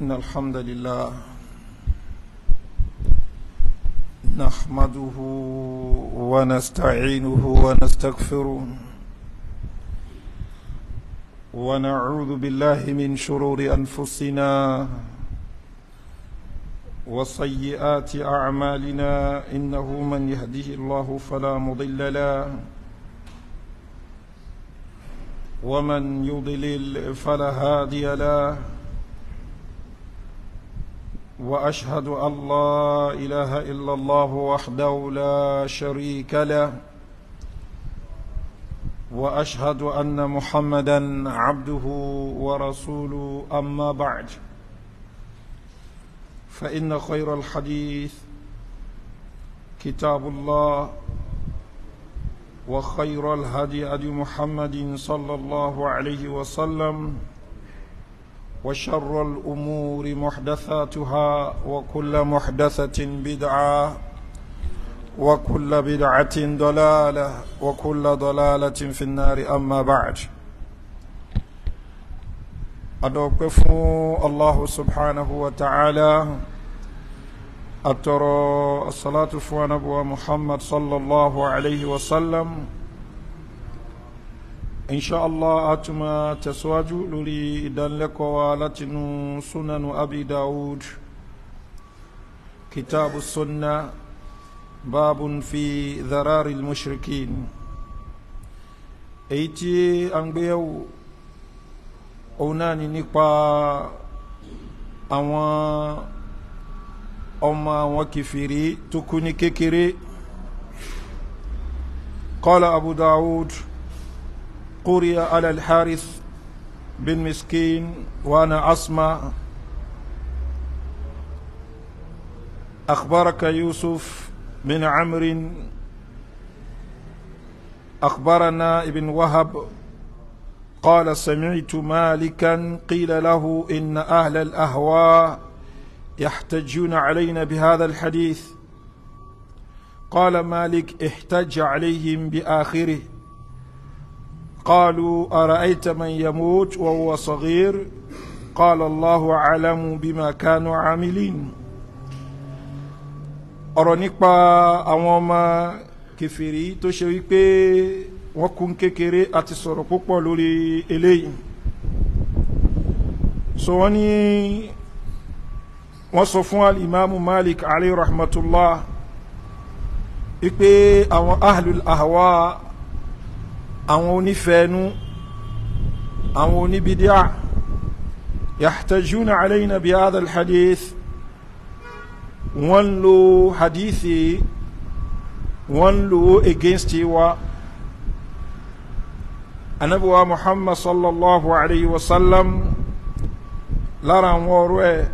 إن الحمد لله نحمده ونستعينه ونستغفره ونعوذ بالله من شرور أنفسنا وسيئات أعمالنا إنه من يهده الله فلا مضل له ومن يضلل فلا هادي له واشهد ان لا اله الا الله وحده لا شريك له واشهد ان محمدا عبده ورسوله اما بعد فان خير الحديث كتاب الله وخير الهدي هدي محمد صلى الله عليه وسلم وشر الأمور محدثاتها وكل محدثة بدعة وكل بدعة ضلالة وكل ضلالة في النار أما بعد أدوقف الله سبحانه وتعالى أترى الصلاة فوانبوى محمد صلى الله عليه وسلم inṣàlá àtúmọ̀ tẹ̀síwájú lórí ìdánilẹ́kọ̀ọ́ wa látinú súnanu abi dawud kitabu sunna babun fi dharari mushrikin èyí tí a ń gbéyàwó òun náà ni nípa àwọn ọmọ àwọn kìfìrí tó kú ní kékeré qala abu dawud. قرئ على الحارث بن مسكين وأنا أسمع أخبرك يوسف بن عمرو أخبرنا ابن وهب قال سمعت مالكا قيل له إن أهل الأهواء يحتجون علينا بهذا الحديث قال مالك احتج عليهم بآخره قالوا أرأيت من يموت وهو صغير قال الله أعلم بما كانوا عاملين ọ̀rọ̀ nípa àwọn ọmọ kẹfìrí tó ṣe wípé wọ́n kún kékeré àti sọ̀rọ̀ púpọ̀ lórí eléyìí so wọ́n ní wọ́n sọ fún alìmáàmù Malik alayhi rahmatullah wípé àwọn ahlul ahwa àwọn onífẹ́ẹ́nú àwọn oníbídíà yàtàjúnà aláìna bí adal hadith wọ́n lo hadithi wọ́n lo against wa anabuwa muhammad sallallahu alayhi wa sallam lára àwọn ọ̀rọ̀ ẹ̀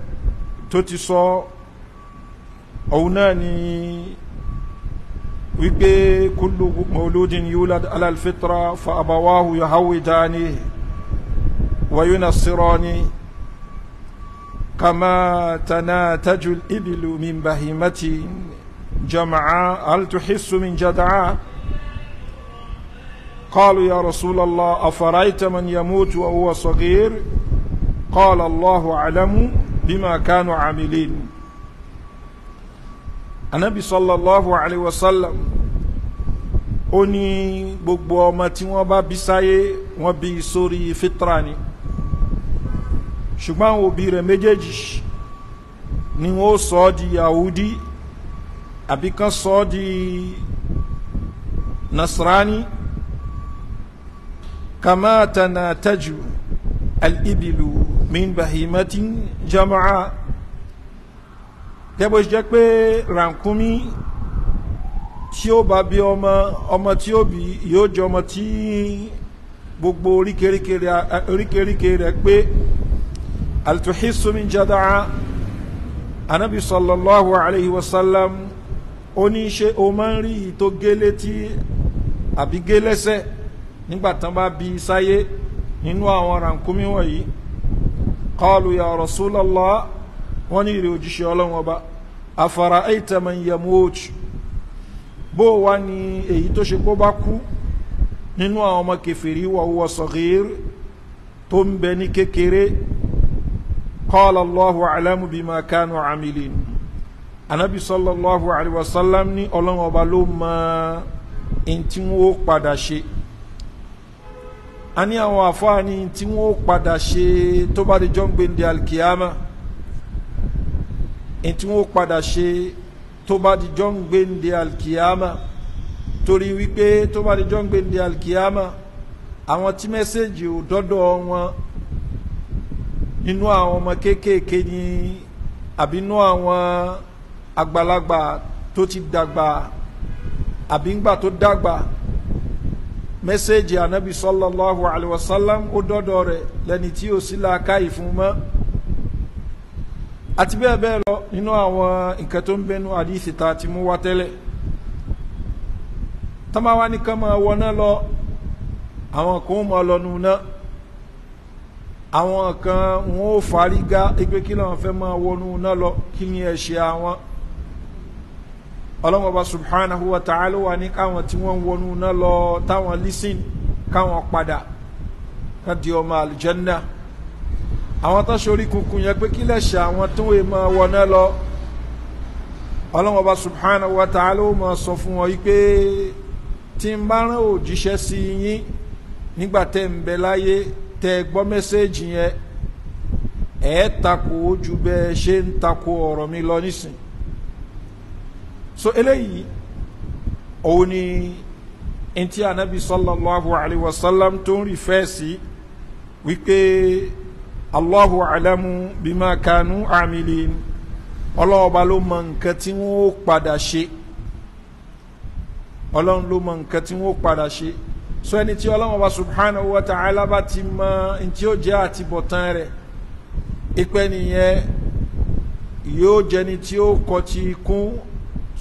tó ti sọ òun náà ni wípé kullu mawludin yulad ala alfitra fa abawahu yuhawidani wa yunasirani kama tanataju al-ibilu min bahimatin jam'a hal tuhissu min jad'a قالوا يا رسول الله أفرأيت من يموت وهو صغير قال الله أعلم بما كانوا عاملين anabi sallallahu alayhi wa sallam ó ní gbogbo ọmọ tí wọ́n bá bí sáyé wọ́n bí sórí fitra ni ṣùgbọ́n àwọn òbí rẹ̀ méjèèjì ni wọ́n sọ ọ́ di yahudi àbí kan sọ ọ́ di nasrani kama tanataju al min bahimatin jama'a gẹ́gbẹ́ jẹ́ pé rànkúnmí tí ó bá bí ọmọ ọmọ tí ó bí yóò jẹ ọmọ tí gbogbo oríkèríkè rẹ̀ pé altuhisu min jadaa anabi sallallahu alayhi wa sallam ó ní ṣe o máa ń rí ìtò gélé tí àbí gélẹ́sẹ̀ nígbà tán bá bí sáyé nínú àwọn rànkúnmí wọ̀nyí qalu ya rasulallah wọ́n ní ìrè òjíṣẹ́ ọlọ́run ọba afara aita man yamut bó wá ní èyí tó ṣe kó bá kú nínú àwọn ọmọ kẹfìrí wa huwa saghir tó ń bẹ ní kékeré qala Allahu a'lamu bima kanu amilin anabi sallallahu alayhi wa sallam ní ọlọ́run ọba ló mọ ẹni tí wọ́n padà ṣe a ní àwọn àfáà ní ẹni tí wọ́n padà ṣe tó bá di jọ́ ń gbé ní alkiyama ntí wọ́n padà ṣe tó bá di jọ́ ń gbé ndé alkiyama torí wípé tó bá di jọ́ ń gbé ndé alkiyama àwọn tí mẹ́sẹ̀gì ò dọ́dọ̀ wọn nínú àwọn ọmọ kéékèèké ní àbínú àwọn àgbàlagbà tó ti dàgbà àbíngbà tó dàgbà mẹ́sẹ̀gì anabi sallallahu alayhi wa sallam ó dọ́dọ̀ rẹ̀ lẹ́ni tí ó sì láàká ìfún mọ́ àti bẹ́ẹ̀ bẹ́ẹ̀ lọ nínú àwọn nǹkan tó ń bẹnu àdìsí ta ti mú wá tẹ́lẹ̀ tọ́máwá ní ká máa wọná lọ àwọn kan ó máa lọ́nu náà àwọn kan wọn ó fárígá ẹgbẹ́ kí làwọn fẹ́ máa wọnú náà lọ kí ni ẹ̀ ṣe àwọn ọlọ́mọba subhanahu wa ta'ala wà ní káwọn tí wọ́n ń wọnú náà lọ táwọn lísìn káwọn padà ká di ọmọ àlùjánnà àwọn tó ṣe orí kunkun yẹn pé kí lẹ́ṣẹ̀ àwọn tó wè máa wọná lọ ọlọ́wọ́n ọba subhanahu wa ta'ala ó máa sọ fún wọn yìí pé tí n bá rán òjíṣẹ́ sí yín nígbà tẹ́ ń bẹ láyé tẹ́ gbọ́ mẹ́sẹ́ẹ̀jì yẹn ẹ̀ takò ojú bẹ́ẹ̀ ṣe ń takò ọ̀rọ̀ mi lọ nísìn so eléyìí òun ni ntí anabi sallallahu alayhi wa sallam tó ń rí fẹ́ẹ̀ sí wípé allahu alamu bima kanu amilin ọlọ́ọ̀ba ló mọ nǹkan tí wọ́n padà ṣe ọlọ́run ló mọ nǹkan tí wọ́n padà ṣe so ẹni tí ọlọ́run ọba subhanahu wa ta'ala bá ti mọ ntí ó jẹ́ àtibọ̀tán rẹ̀ ìpẹ́ nìyẹn yóò jẹni tí ó kọ ti kún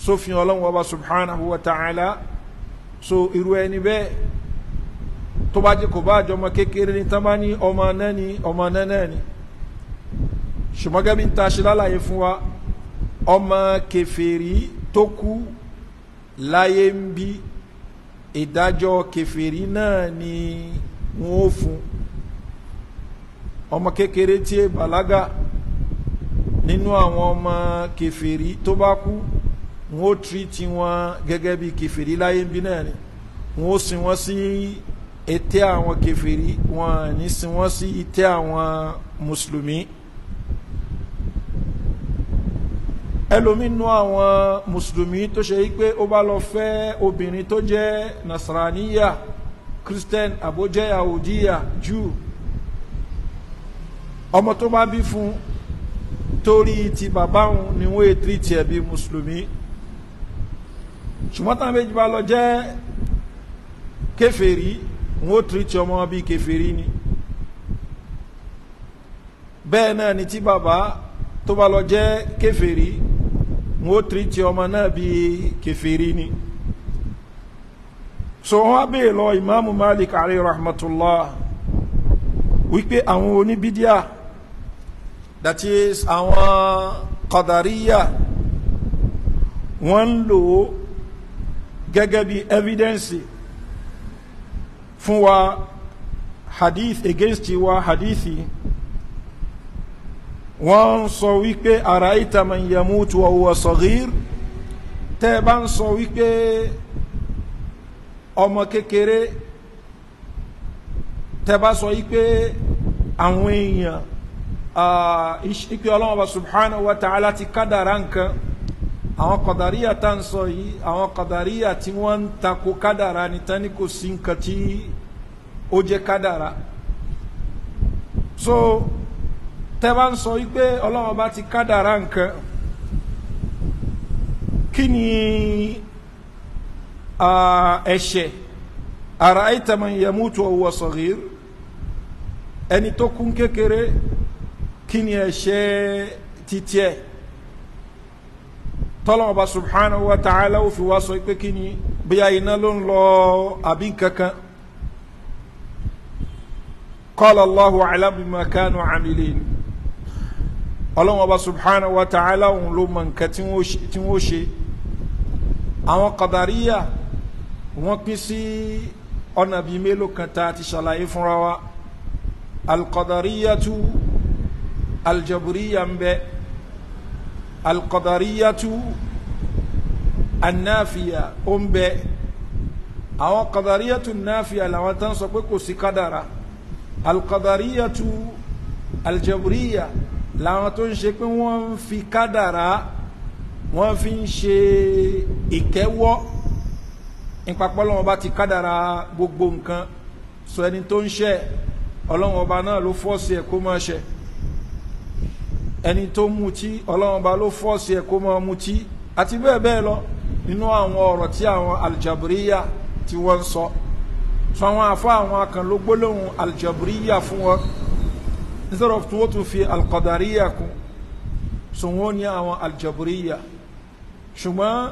sófin ọlọ́run ọba subhanahu wa ta'ala so irú ẹni bẹ́ẹ̀ tó bá jẹ́ kò bá àjọ ọmọ kékeré ní tán bá ní ọmọ náà ní ọmọ náà náà ní ṣùgbọ́n gẹ́gẹ́ bí n ta ṣe lálàyé fún wa ọmọ kẹfẹ́rí tó kú láyé ń bí ìdájọ́ kẹfẹ́rí náà ni wọ́n ó fún ọmọ kékeré tí è bàlágà nínú àwọn ọmọ kẹfẹ́rí tó bá kú wọ́n ó tírítì wọn gẹ́gẹ́ bí kẹfẹ́rí láyé ń bí náà ni wọ́n ó sin wọn sí. Si ètè àwọn kèfèrí wọn ní sin wọn sí ètè àwọn mùsùlùmí ẹlòmínú àwọn mùsùlùmí tó ṣe yí pé ó bá lọ fẹ́ obìnrin tó jẹ́ nasaraniya christian àbójẹ́ yahudiya jew ọmọ tó bá bí fún torí ti bàbá òun ni wọ́n ètìrì tiẹ̀ bí mùsùlùmí ṣùgbọ́n táwọn méjì bá lọ jẹ́ kèfèrí wọn ó tìrìtì ọmọ wọn bíi kẹfìrí ni bẹ́ẹ̀ náà ni tí bàbá tó bá lọ jẹ́ kẹfìrí wọn ó tìrìtì ọmọ náà bíi kẹfìrí ni so wọn á bèè lọ ìmáàmù Malik alayhi rahmatullah wípé àwọn oníbídíà that is àwọn Qadariya wọ́n ń lò ó gẹ́gẹ́ bí evidence fún wa hadith against wa hadithi wọ́n sọ wípé ara ìta man yamutu wa huwa saghir tẹ́ bá ń sọ wípé ọmọ kékeré tẹ́ bá sọ wípé àwọn èèyàn ìpè ọlọ́wọ́n subhanahu wa ta'ala ti kádàrá nǹkan àwọn kọ̀dàríyà tá ń sọ yìí àwọn kọ̀dàríyà tí wọ́n ń takò kádàrá ní sí nǹkan tí ó jẹ́ kádàrá so tẹ́ bá ń sọ wípé ọlọ́run ọba ti kádàrá nǹkan kí ni ẹ̀ṣẹ̀ ara'ayta man yamutu wa huwa saghir ẹni tó kún kékeré kí ni ẹ̀ṣẹ̀ títí ẹ̀ subhanahu wa ta'ala ó fi wá sọ pé kí ni bí i iná ló ń lọ àbí nǹkan قال الله a'lam بما كانوا amilin ọlọ́run ọba subhanahu wa ta'ala òun ló mọ nǹkan tí wọ́n ṣe àwọn kàdàríyà wọ́n pín sí ọ̀nà bíi mélòó kan tá a ti ṣàlàyé fúnra wa alqadariyatu aljaburiya ń bẹ alqadariyatu anáfíà ó ń bẹ àwọn kàdàríyatu náfíà làwọn tán sọ pé kò sí kádàrá alqadariyatu aljaburiya làwọn tó ń ṣe pé wọ́n ń fi kádàrá wọ́n fi ń ṣe ìkẹ́wọ́ ìpapọ̀ Ọlọ́run Ọba ti kádàrá gbogbo nǹkan sọ ẹni tó ń ṣe Ọlọ́run Ọba náà ló fọ́ọ̀sì ẹ̀ kó máa ṣe ẹni tó mutí Ọlọ́run Ọba ló fọ́ọ̀sì ẹ̀ kó máa mutí àti bẹ́ẹ̀ bẹ́ẹ̀ lọ nínú àwọn ọ̀rọ̀ tí àwọn aljaburiya tí wọ́n ń sọ. So fáwọn afọ àwọn kan ló gbólóhùn aljabriya fún wọn instead of tí wọ́n tún fi alqadariya kún so wọ́n ní àwọn aljabriya ṣùgbọ́n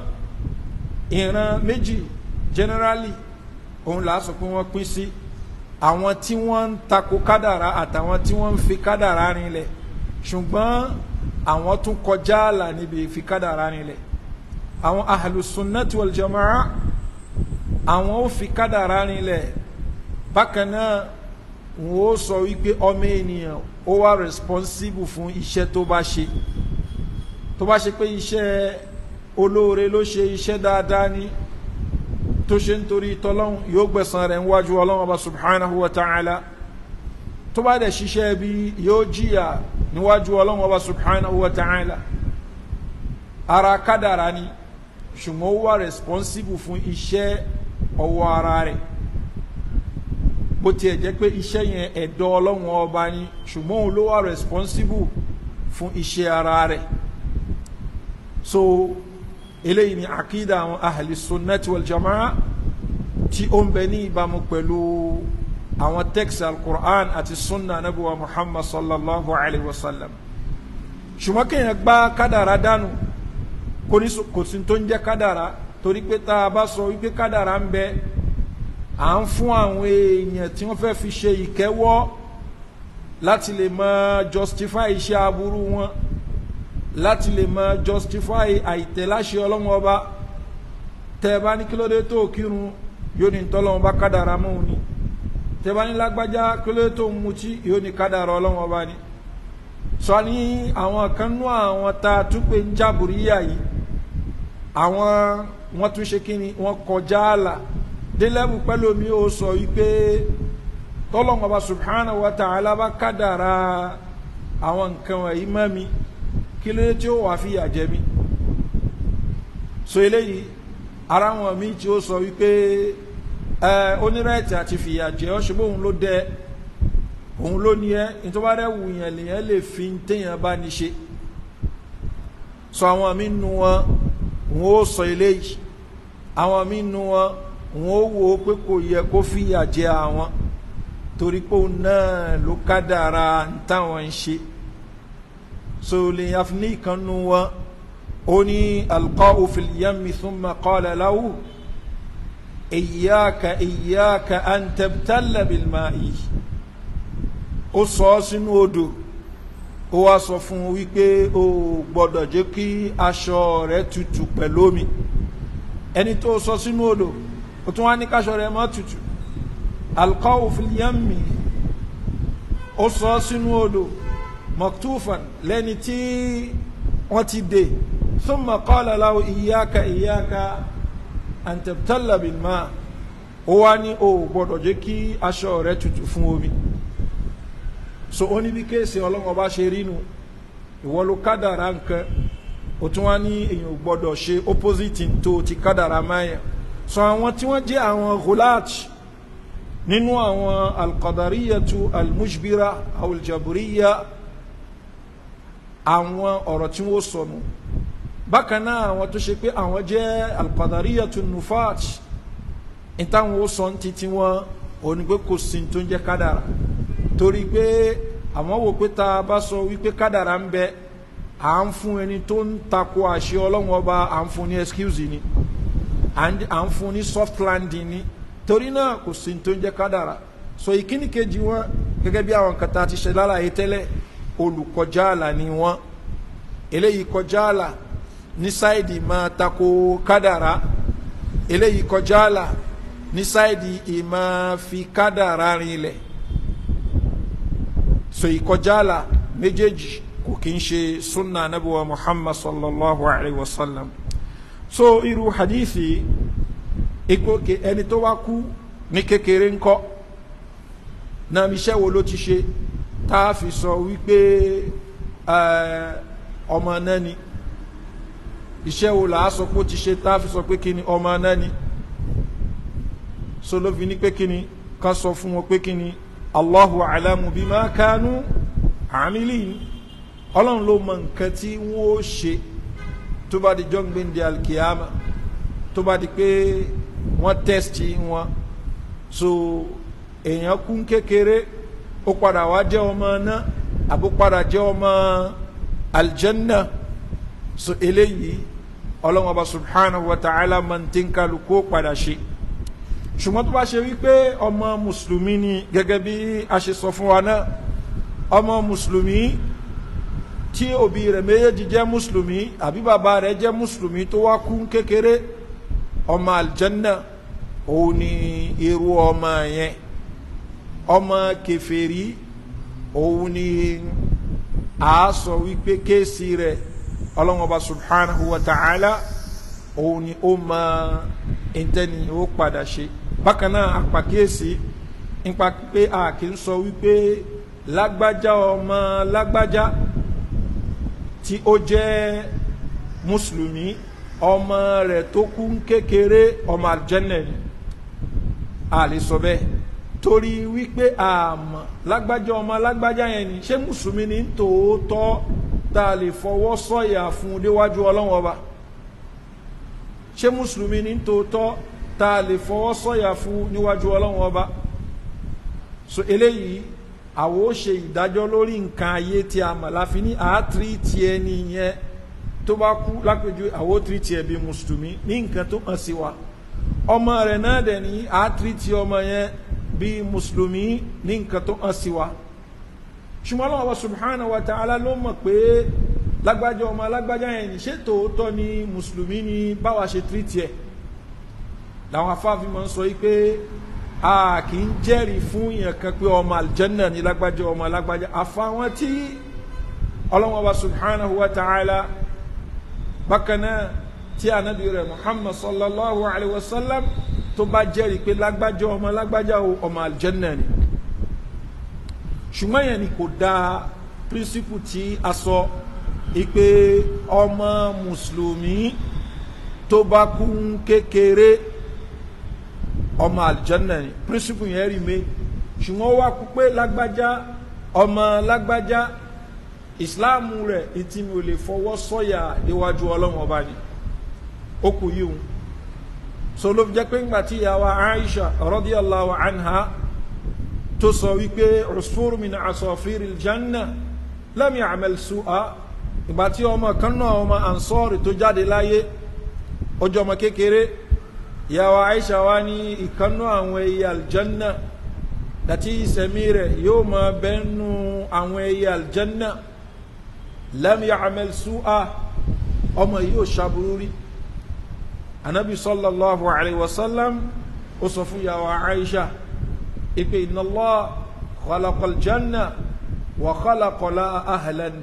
ìran méjì generally òun là á sọ pé wọ́n pín sí àwọn tí wọ́n ń tako kádàrá àtàwọn tí wọ́n ń fi kádàrá rinlẹ̀ ṣùgbọ́n àwọn tún kọjá àlà níbi ìfi kádàrá rinlẹ̀ àwọn ahlu sunnati àwọn ó fi kádàrá rinlẹ̀ bákan náà wọ́n ó sọ wípé ọmọ ènìyàn ó wà responsible fún iṣẹ́ tó bá ṣe tó bá ṣe pé iṣẹ́ olóore ló ṣe iṣẹ́ dáadáa ni tó ṣe ń torí tọ́lọ́hún yóò gbẹ̀san rẹ̀ níwájú ọlọ́run ọba subhanahu wa ta'ala tó bá dẹ̀ ṣiṣẹ́ bí yóò jìyà níwájú ọlọ́run ọba subhanahu wa ta'ala ara kádàrá ni ṣùgbọ́n ó wà responsible fún iṣẹ́ ọwọ́ ara rẹ̀ bó tiẹ̀ jẹ́ pé iṣẹ́ yẹn ẹ̀dọ́ ọlọ́run ọba ni ṣùgbọ́n òun ló wà responsible fún iṣẹ́ ara rẹ̀ so eléyìí ni akida àwọn ahli sunnati wal jamaa tí ó ń bẹ ní ìbámu pẹ̀lú àwọn text al-Qur'an àti sunna anabiwa Muhammad sallallahu alayhi wa sallam ṣùgbọ́n kéèyàn gbá kádàrá dànù kò sí tó ń jẹ́ kádàrá torí pé tá a bá sọ wípé kádàrá ń bẹ à ń fún àwọn èèyàn tí wọ́n fẹ́ fi ṣe ìkẹ́wọ́ láti lè mọ justify iṣẹ́ aburú wọn láti lè mọ justify àìtẹ́láṣẹ ọlọ́run ọba tẹ́ ẹ bá ní kí ló dé tó kírun yóò ní tọ́lọ́run bá kádàrá mọ́ òun ni tẹ́ ẹ bá ní lágbájá kí ló dé tó ń mutí yóò ní kádàrá ọlọ́run ọba ni sọ ní àwọn kan nú àwọn tá a tún pé ń jábùrú yíyà yìí àwọn wọ́n tún ṣe kí ni wọ́n kọjá àlà délẹ́bù pẹ́lú omi ó sọ wípé tọ́lọ́wọ́n ọba subhanahu wa ta'ala bá kádàrá àwọn nǹkan wọ̀nyí mọ́ mi kí ló dé tí ó wàá fìyà jẹ mí so eléyìí ara wọn mi tí ó sọ wípé ẹ onírẹ̀tì àti fìyà jẹ ọ́ òun ló dẹ òun ló ní ẹ nítorí wọn rẹ lè fi téèyàn bá ní ṣe so àwọn mi nu wọn òun ó sọ eléyìí àwọn mínú wọn wọn ó wo pé kò yẹ kó fìyà jẹ àwọn torí pé òun náà ló kádàra táwọn ń ṣe so lè yàfi ní ìkànnú wọn ó ní alqa'u fil yammi thumma qala lahu iyaka iyaka an tabtalla bil ó sọ ọ́ sínú odò ó wá sọ fún un wípé o gbọ́dọ̀ jẹ́ kí aṣọ rẹ̀ tutù pẹ̀lú omi ẹni tó sọ sínú odò ó tún wá ní káṣọ rẹ̀ má tutù alqahu fil yammi ó sọ sínú odò maktufan lẹ́ni tí wọ́n ti dè thumma qala lahu iyyaka iyyaka an wá ní o gbọ́dọ̀ jẹ́ kí aṣọ rẹ̀ tutù fún omi so ó ní bí kéèsì ọlọ́mọba ṣe rí nu ìwọ ló kádàrá nǹkan ó tún wá ní èyàn ò gbọ́dọ̀ ṣe opposite tó ti kádàrá máyà so àwọn tí wọ́n jẹ́ àwọn ghulat nínú àwọn alqadariyatu almujbira awuljaburiya àwọn ọ̀rọ̀ tí wọ́n sọnù bákan náà àwọn tó ṣe pé àwọn jẹ́ alqadariyatu nufat ìtàwọn ó sọ ti tí òní pé kò sí tó ń jẹ́ kádàrá torí pé àwọn wò pé tá a bá sọ wípé kádàrá ń bẹ à ń fún ẹni tó ń takò àṣẹ ọlọ́run ọba à ń fún ní excuse ni à ń fún ní soft landing ni torí náà kò sí tó ń jẹ́ kádàrà so ìkíni kejì wọn gẹ́gẹ́ bí àwọn kan tá a ti ṣe lálàyé tẹ́lẹ̀ olùkọjá àlà ni wọn eléyìí kọjá àlà ní sáìdì máa takò kádàrà eléyìí kọjá àlà ní sáìdì ìmọ̀ fi kádàrà rinlẹ̀ so ìkọjá àlà méjèèjì kò kí n ṣe sunna anabiwa muhammad sallallahu alayhi wa sallam so irú hadithi ipò ẹni tó wá kú ní kékeré ńkọ́ náà iṣẹ́ wo ló ti ṣe tá a fi sọ wípé ọmọ náà ni iṣẹ́ wo là á sọ pé ó ti ṣe tá a fi sọ pé kí ọmọ náà so ló fi ní pé kí ká sọ fún wọn pé kí allahu alamu bima amilin ọlọ́run ló mọ nǹkan tí wọ́n ó ṣe tó bá di jọ́ngbìn di alkiyama tó bá di pé wọ́n tẹ́sítì wọn so èèyàn kún kékeré ó padà wá jẹ́ ọmọ náà àbó padà jẹ́ ọmọ aljanna so eléyìí ọlọ́run ọba subhanahu wa ta'ala máa ń tí ń kálukú padà ṣe ṣùgbọ́n tó bá ṣe wípé ọmọ mùsùlùmí ni gẹ́gẹ́ bí a ṣe sọ fún wa náà ọmọ mùsùlùmí tí òbí rẹ̀ méjèèjì jẹ́ mùsùlùmí àbí bàbá rẹ̀ jẹ́ mùsùlùmí tó wá kú kékeré ọmọ aljanna òun ni irú ọmọ yẹn ọmọ kèfèrí òun ni a sọ wípé kéèsì rẹ̀ ọlọ́mọba subhanahu wa ta'ala òun ni ó mọ ẹntẹ́ni ó padà ṣe bákan náà apàkíyèsí nípa pé a kì í sọ wípé lágbájá ọmọ lágbájá tí ó jẹ́ mùsùlùmí ọmọ rẹ̀ tó kú kékeré ọmọ àjẹ́nẹ̀ ni a lè sọ bẹ́ẹ̀ torí wípé àmọ́ lágbájá ọmọ lágbájá yẹn ni ṣé mùsùlùmí ní tòótọ́ tá a lè fọwọ́ sọ̀yà fún déwájú ọlọ́run ọba ṣé mùsùlùmí ní tòótọ́ tá lè fọwọ́ sọ̀yà fún níwájú ọlọ́run ọba so eléyìí àwọn ó ṣe ìdájọ́ lórí nǹkan ayé tí a mọ̀ láfi ní àátrí ti ẹni yẹn tó bá kú lápèjú àwọn ó tiri tiẹ̀ bíi mùsùlùmí ní nǹkan tó hàn sí wa ọmọ rẹ̀ náà dẹ̀ ní àátrí ti ọmọ yẹn bíi mùsùlùmí ní nǹkan tó hàn sí wa ṣùgbọ́n Ọlọ́run wa wa ta'ala ló mọ̀ pé lágbájá ọmọ alágbájá yẹn ní ṣé tòótọ́ ni mùsùlùmí ni báwa ṣe tiri tiẹ̀ làwọn afáàfin máa ń sọ yìí pé a kì í jẹ́rìí fún yẹn kan pé ọmọ aljanna ní lágbájá ọmọ lágbájá àfàwọn tí ọlọ́wọ́n wa subhanahu wa ta'ala bákan náà tí anabi rẹ̀ muhammad sallallahu alayhi wa sallam tó bá jẹ́rìí pé lágbájá ọmọ lágbájá ọmọ aljanna ni ṣùgbọ́n yẹn ni kò dáa pírísìpù tí a sọ ìpè ọmọ mùsùlùmí tó bá kú kékeré ọmọ àlìjánà ni pírísìpù yẹn remain ṣùgbọ́n ó wá kú pé lágbájá ọmọ lágbájá ìsìláàmù rẹ̀ etí mi ò lè fọwọ́ sọ̀yà níwájú ọlọ́run ọba ni ó kù yìí òun so ló fi jẹ́ pé ńgbà tí ìyàwó Aisha radiyallahu anha tó sọ wípé usfur min asafiri aljanna lam ya'mal su'a ìgbà tí ọmọ kan náà ọmọ ansori tó jáde láyé ọjọ́ ọmọ kékeré ìyàwó Aisha wa ní ìkànnú àwọn ẹyẹ aljanna dàtí ìsẹ̀mí rẹ̀ yóò máa bẹ́nu àwọn ẹyẹ aljanna lam ya'mal su'a ọmọ yìí ò ṣàbúrú rí anabi sallallahu alayhi wa sallam ó sọ fún ìyàwó Aisha ìpè inna Allah khalaqa aljanna wa khalaqa laha ahlan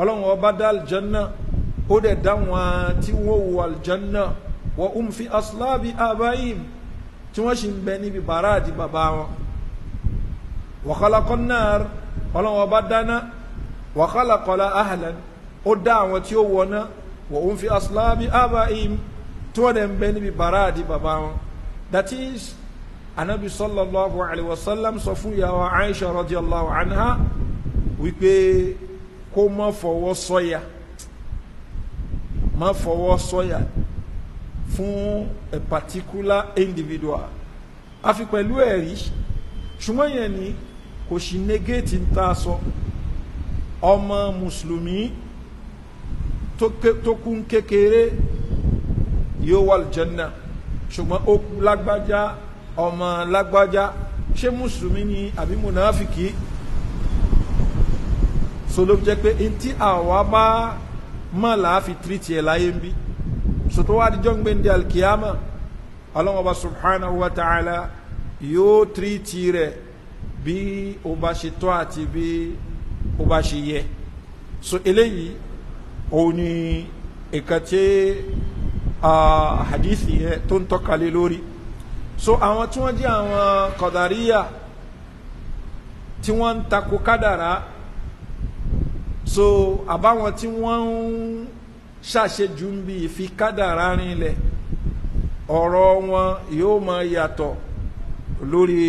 ọlọ́run ọba dá aljanna ó dẹ̀ dá wọn tí wọ́n wọ aljanna wọ́n um fi aslábi abayim tí wọ́n sì ń bẹ níbi bàrá àti bàbá wọn wàhálàkọ́ náà ọlọ́wọ́ bá dáná wàhálàkọ́lá ahlan ó dá àwọn tí ó wọná wọ́n um fi aslábi abayim tí wọ́n ń bẹ níbi bàrá àti bàbá wọn that is anabi sallallahu alayhi wa sallam sọ fún ìyàwó aisha radiyallahu anha wípé kó má fọwọ́ sọ́yà má fọwọ́ sọ́yà fún a particular individual àfi pẹ̀lú ẹ̀rí ṣùgbọ́n yẹn ni kò sí negate ń ta sọ ọmọ mùsùlùmí tó kú kékeré yóò wà lùjẹ́nà ṣùgbọ́n ó kú lágbájá ọmọ lágbájá ṣé mùsùlùmí ni àbí mùnàfìkì so ló jẹ́ pé ntí àwa bá mọ̀ láàfi tìrìtì ẹ̀ láyé ń bí sọtọ́ wa di jọ́ngbẹ́ ní alkiyama ọlọ́wọ́n ọba subhanahu wa ta'ala yóò tírìtì rẹ̀ bí o bá ṣe tọ́ o bá ṣe so eléyìí òun ni ìka tí hadithi yẹ tó ń so àwọn tí wọ́n jẹ́ àwọn kọ̀dàríyà tí wọ́n ń takò so àbáwọn tí wọ́n ń ṣàṣejù ń bí ìfikádàrá rinlẹ̀ ọ̀rọ̀ wọn yóò máa yàtọ̀ lórí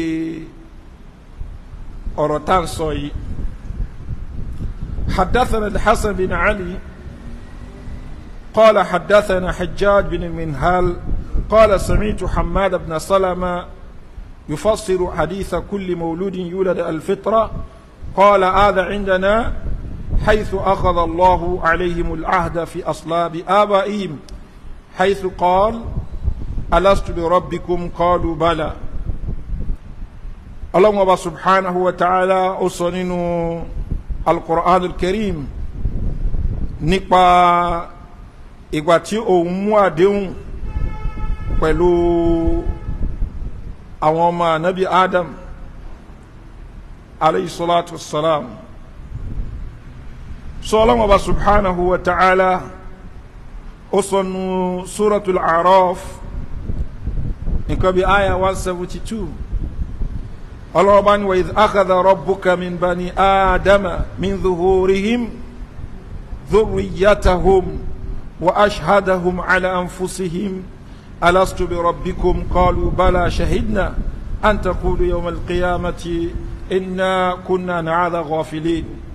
ọ̀rọ̀ tá à ń sọ yìí حدثنا الحسن بن علي قال حدثنا حجاج بن منهل، قال سمعت حماد بن سلمة يفسر حديث كل مولود يولد الفطرة قال هذا عندنا حيث أخذ الله عليهم العهد في أصلاب آبائهم حيث قال ألست بربكم قالوا بلى ọlọ́run ọba subhanahu wa ta'ala ó sọ nínú alkur'an alkarim nípa ìgbà tí òun mú àdéhùn pẹ̀lú àwọn ọmọ anabi adam alayhi salatu wassalam. salam so Ọlọ́run Ọba subhanahu wa ta'ala ó sọ nu suratul araf nǹkan bí aya 172 Ọlọ́run Ọba ní wa idh akhadha rabbuka min bani adama min zuhurihim dhurriyatahum wa ashhadahum ala anfusihim alastu bi rabbikum qalu bala shahidna an taqulu yawm al inna kunna 'an ghafilin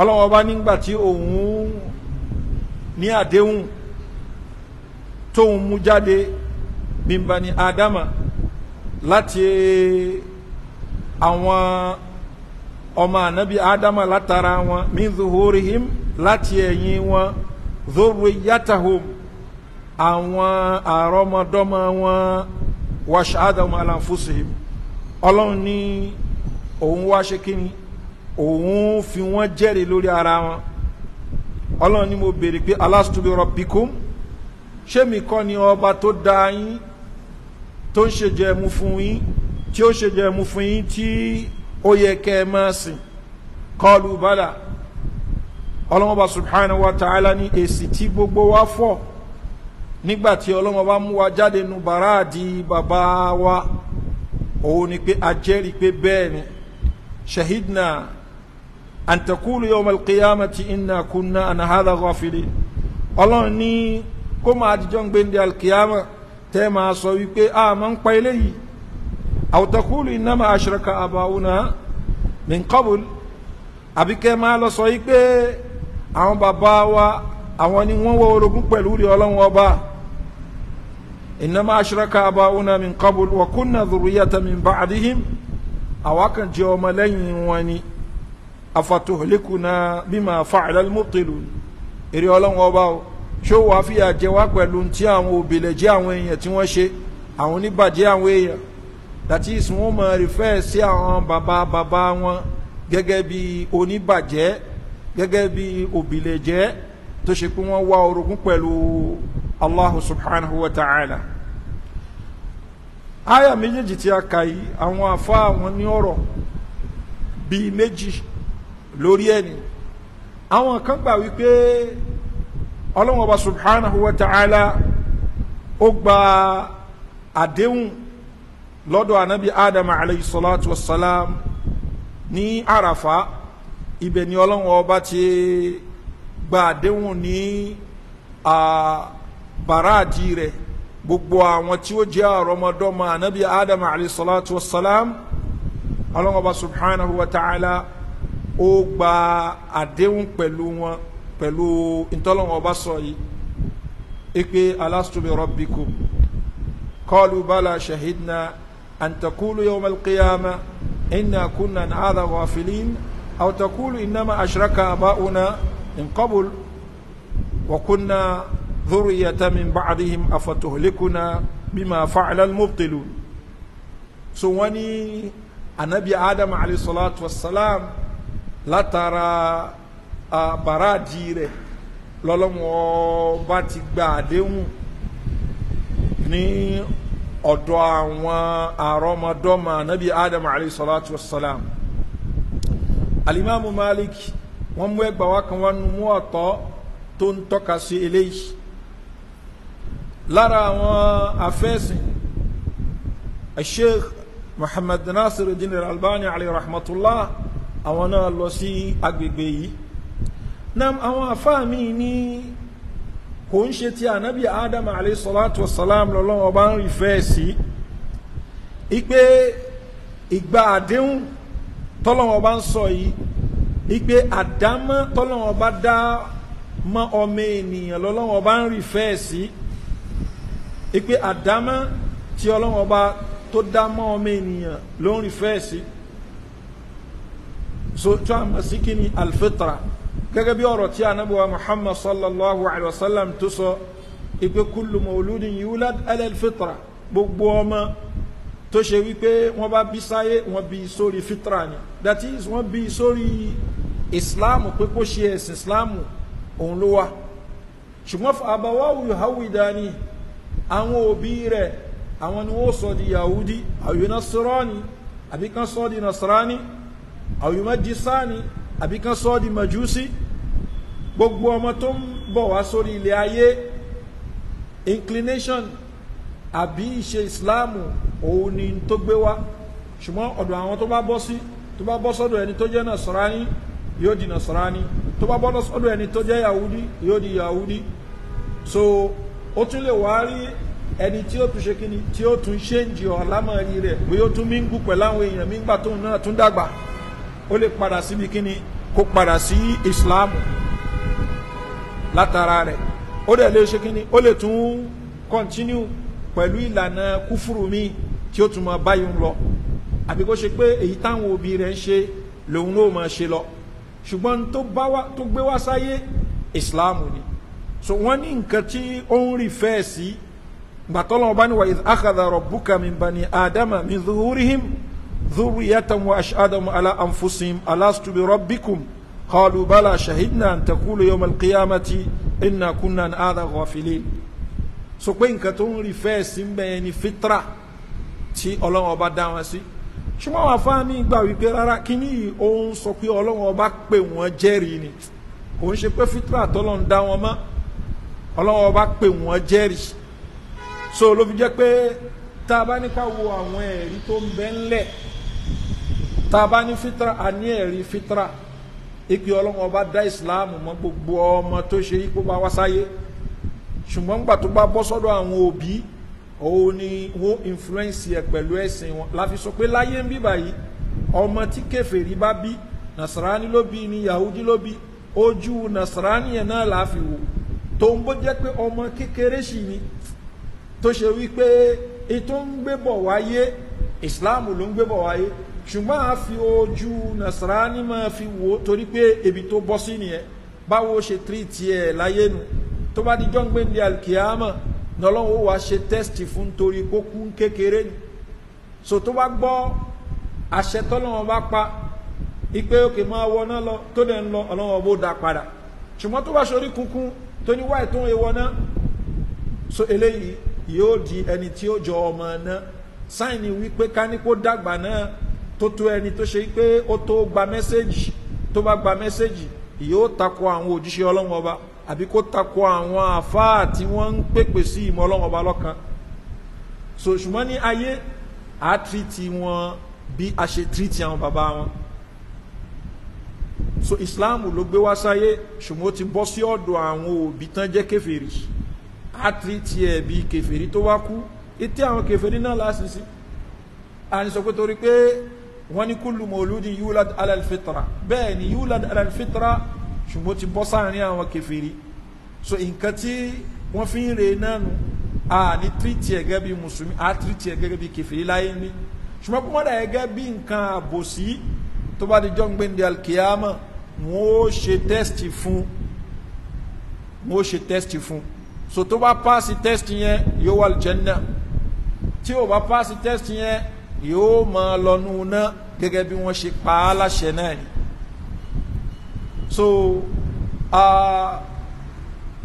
ọlọ́wọ́n bá nígbà tí òun ní àdéhùn tóun mú jáde bímba ní ádámà láti àwọn ọmọ ànábì ádámà látara wọn min zuhurihim láti ẹ̀yìn wọn dhurriyyatahum àwọn àrọ́mọdọ́mọ wọn washhadahum ala anfusihim ọlọ́run ní òun wá ṣe kíni òun fi wọ́n jẹ́rìí lórí ara wọn ọlọ́run ni mo béèrè pé alastu bi rabbikum ṣé mi kọ́ ni ọba tó dá yín tó ń ṣe jẹ mu fún yín tí ó ṣe jẹ mu fún yín tí ó yẹ kẹ́ ẹ máa sìn qalu bala ọlọ́mọba subhanahu wa ta'ala ni èsì tí gbogbo wa fọ̀ nígbàtí ọlọ́mọba mú wa jáde nu bàrá di bàbá wa òun ni pé a jẹ́rìí pé bẹ́ẹ̀ ni shahidna an takulu yawm alqiyamati inna kunna an hadha ghafilin ọlọ́run ní kó máa dijọ́ ń gbéǹde alqiyama tẹ́ máa sọ wípé a máa ń pa eléyìí aw takulu innama ashraka abawuna min qabl àbíkẹ́ máa lọ sọ wípé àwọn bàbá wa àwọn ni wọ́n wọ orogún pẹ̀lú rí ọlọ́run ọba innama ashraka abawuna min qabl wa kunna dhurriyatan min ba'dihim àwa kan jẹ́ ọmọ lẹ́yìn wọn ni afatuhlikuna bima fa'ala al-mubtilun èrè ọlọ́run ọba o ṣó wàá fìyà jẹ wá pẹ̀lú ti àwọn òbílẹ̀jẹ́ àwọn èèyàn tí wọ́n ṣe àwọn oníbàjẹ́ àwọn èèyàn that is wọ́n máa refer sí àwọn bàbá bàbá wọn gẹ́gẹ́ bí oníbàjẹ́ gẹ́gẹ́ bí òbílẹ̀jẹ́ tó ṣe pé wọ́n wá orogún pẹ̀lú Allahu subhanahu wa ta'ala aya méjèèjì tí a kà yìí àwọn àfa àwọn ní ọ̀rọ̀ bíi méjì lórí ẹni àwọn kan gbà wípé ọlọ́run ọba subhanahu wa ta'ala ó gba àdéhùn lọ́dọ̀ anabi adam alayhi salatu wa salam ní àràfà ibẹ̀ ni ọlọ́run ọba ti gba àdéhùn ní bàràdì rẹ̀ gbogbo àwọn tí ó jẹ́ àrọmọdọ́mọ anabi adam alayhi salatu wa salam ọlọ́run ọba subhanahu wa ta'ala ó gba àdéhùn pẹ̀lú wọn pẹ̀lú ìtọ́lọ́wọ́n ọba sọ yìí ipe alastu bi rabbikum qalu bala shahidna an taqulu yawma alqiyama inna kunna an hadha ghafilin aw taqulu innama ashraka aba'una in qabl wa kunna dhurriyatan min ba'dihim afatuhlikuna bima fa'ala almubtilun so wani anabi adam alayhi salatu wassalam látara àbáradì rẹ̀ lọ́lọ́wọ́n bá ti gba àdéhùn ní ọ̀dọ̀ àwọn àrọ́mọdọ́mọ nabi adam alayhi salatu wa salam alimami malik wọ́n mú ẹgbàá wá kan wá nu mú ọ̀tọ̀ tó ń tọ́ka sí eléyìí lára àwọn afẹ́sìn sheikh muhammad nasir din albani alayhi rahmatullah àwọn náà lọ sí agbègbè yìí náà àwọn àfáà mi ní kò ń ṣe ti ànábì adam alayhi salatu wa salam lọ́lọ́wọ́ bá ń rí fẹ́ sí ipe ìgbà àdéhùn tọ́lọ́wọ́ bá ń sọ yìí ipe àdámọ́ tọ́lọ́wọ́ bá dá mọ́ ọmọ ènìyàn lọ́lọ́wọ́ bá ń rí fẹ́ sí ipe àdámọ́ tí ọlọ́wọ́ bá tó dá mọ́ ọmọ ènìyàn ló ń rí fẹ́ sí. Si so tí wọ́n mọ̀ sí kí ni alfitra gẹ́gẹ́ bí ọ̀rọ̀ tí ànábì wa muhammad sallallahu alayhi wa sallam tó sọ ìpè kullu mawludin yulad ala alfitra gbogbo ọmọ tó ṣe wípé wọ́n bá bí sáyé wọ́n bí sórí fitra ni that is wọ́n bí sórí islam pé ṣe ẹ̀sìn islam òun ló wà ṣùgbọ́n àbáwáwù yuhawidani àwọn òbí rẹ̀ àwọn ni wọ́n sọ di yahudi àyùnà sọ́rọ́ àbí kan sọ di nasarani àwùmọ́ di sáàni àbí kan sọ di màjúsí gbogbo ọmọ tó ń bọ̀ wá sórí ilẹ̀ ayé inclination àbí ìṣe ìsìláàmù òun ni tó gbé wá ṣùgbọ́n ọ̀dọ̀ àwọn tó bá bọ́ sí tó bá bọ́ sọ́dọ̀ ẹni tó jẹ́ Nasrani yóò di Nasrani tó bá bọ́ sọ́dọ̀ ẹni tó jẹ́ Yahudi yóò di Yahudi so ó tún lè wá rí ẹni tí ó tún ṣe kí ni tí ó tún ṣéǹjì ọ̀lámọ̀ rí rẹ̀ bóyá ó tún mí ń gùn pẹ̀láwọn èèyàn mí ń gbà tóun náà tún dàgbà ó lè padà síbi kíni kó padà sí islam látara rẹ̀ ó dẹ̀ lè ṣe kíni ó lè tún continue pẹ̀lú ìlànà kúfúrú mi tí ó tún máa báyìí ń lọ àbí kó ṣe pé èyí táwọn òbí rẹ̀ ń ṣe lòun ló máa ṣe lọ ṣùgbọ́n tó gbé wá sáyé islam ni so wọ́n ní nǹkan tí ó ń rí fẹ́ẹ̀ sí gbàtọ́lọ́wọ́n bá ní wa idh akhadha rabbuka min bani adama min zuhurihim. ذرية وأشهدهم على أنفسهم ألست بربكم قالوا بلى شهدنا أن تقول يوم القيامة إنا كنا عن هذا غافلين sọ pé nǹkan tó ń rí fẹ́ẹ́ sí ń bẹ́ẹ̀ ni fitra tí ọlọ́run ọba dá wọn sí ṣùgbọ́n àwọn afáàmì gbà wípé rárá kíní yìí ó ń sọ pé ọlọ́run ọba pè wọ́n jẹ́rìí ni kò ń ṣe pé fitra tọ́lọ́run dá wọn mọ́ ọlọ́run ọba pè wọ́n jẹ́rìí so ló fi jẹ́ pé tá a bá nípa wo àwọn ẹ̀rí tó ń bẹ ńlẹ̀ tá a fitra a ní fitra ipe ọlọ́run ọba dá ìsìláàmù mọ́ gbogbo ọmọ tó ṣe ipò bá wá sáyé ṣùgbọ́n gbà tó bá bọ́ sọ́dọ̀ àwọn òbí òun ni wọ́n influence ẹ̀ pẹ̀lú ẹ̀sìn wọn láfi sọ pé láyé ń bí báyìí ọmọ tí kèfèrí bá bí nasarani ló bí ni yahudi ló bí ojú nasarani yẹn náà là á fi wò tó ń bó jẹ́ pé ọmọ kékeré sì ni tó ṣe wípé ètò ń gbé bọ̀ wáyé ìsìláàmù ló ń gbé bọ̀ wáyé ṣùgbọ́n a fi ojú nasarani máa fi wò ó torí pé ebi tó bọ́ sí nìyẹn báwo ṣe tírìtì ẹ̀ láyé nu tó bá di jọ́ngbé ní alkiyama nọlọ́run ó ṣe tẹ́sítì fún torí kókú kékeré ni so tó bá gbọ́ àṣẹ tọ́lọ́wọ́n bá pa ipe òkè máa wọ náà lọ tó dẹ̀ ń lọ ọlọ́wọ́n bó da padà ṣùgbọ́n tó bá ṣorí kunkun tó ní wáyé tó ń wọ náà so eléyìí yóò di ẹni tí ó jọ ọmọ náà sáìn wípé ká dàgbà náà tó tó ẹni tó ṣe pé ó tó gba mẹ́sẹ́jì tó bá gba mẹ́sẹ́jì yóò takò àwọn òjíṣẹ́ ọlọ́run ọba àbí kó takò àwọn àfáà tí wọ́n ń pèpè sí ìmọ̀ ọlọ́run ọba lọ́kan so ṣùgbọ́n ní ayé a tìrìtì wọn bí a ṣe tìrìtì àwọn bàbá wọn so islam ló gbé wá sáyé ṣùgbọ́n ó ti bọ́ sí ọ̀dọ̀ àwọn òbí tán jẹ́ kèfèrí a tìrìtì ẹ̀ bí kèfèrí tó wá kú etí àwọn kèfèrí náà lásìsí à ń sọ pé torí pé wọ́n ní kúlù mọ̀lúdì yúlad alalfitra bẹ́ẹ̀ ni yúlad alalfitra ṣùgbọ́n ti bọ́ sáàrin àwọn kẹfìrí so nǹkan tí wọ́n fi ń re náà nù a ní tìrìtì ẹ̀ gẹ́gẹ́ bí mùsùlùmí a tìrìtì ẹ̀ gẹ́gẹ́ bí kẹfìrí láyé ní ṣùgbọ́n kó mọ́dà ẹ̀ gẹ́gẹ́ bí nǹkan àbòsí tó bá di jọ́ ń gbé ní alkiyama wọ́n ó ṣe tẹ́sítì fún wọ́n ó ṣe tẹ́sítì fún so tó bá paasi tẹ́sítì yẹn yóò wà lìjẹ́ náà tí ò bá paasi tẹ́sítì yẹn yóò máa lọ́nu náà gẹ́gẹ́ bí wọ́n ṣe pa á láṣẹ náà ni so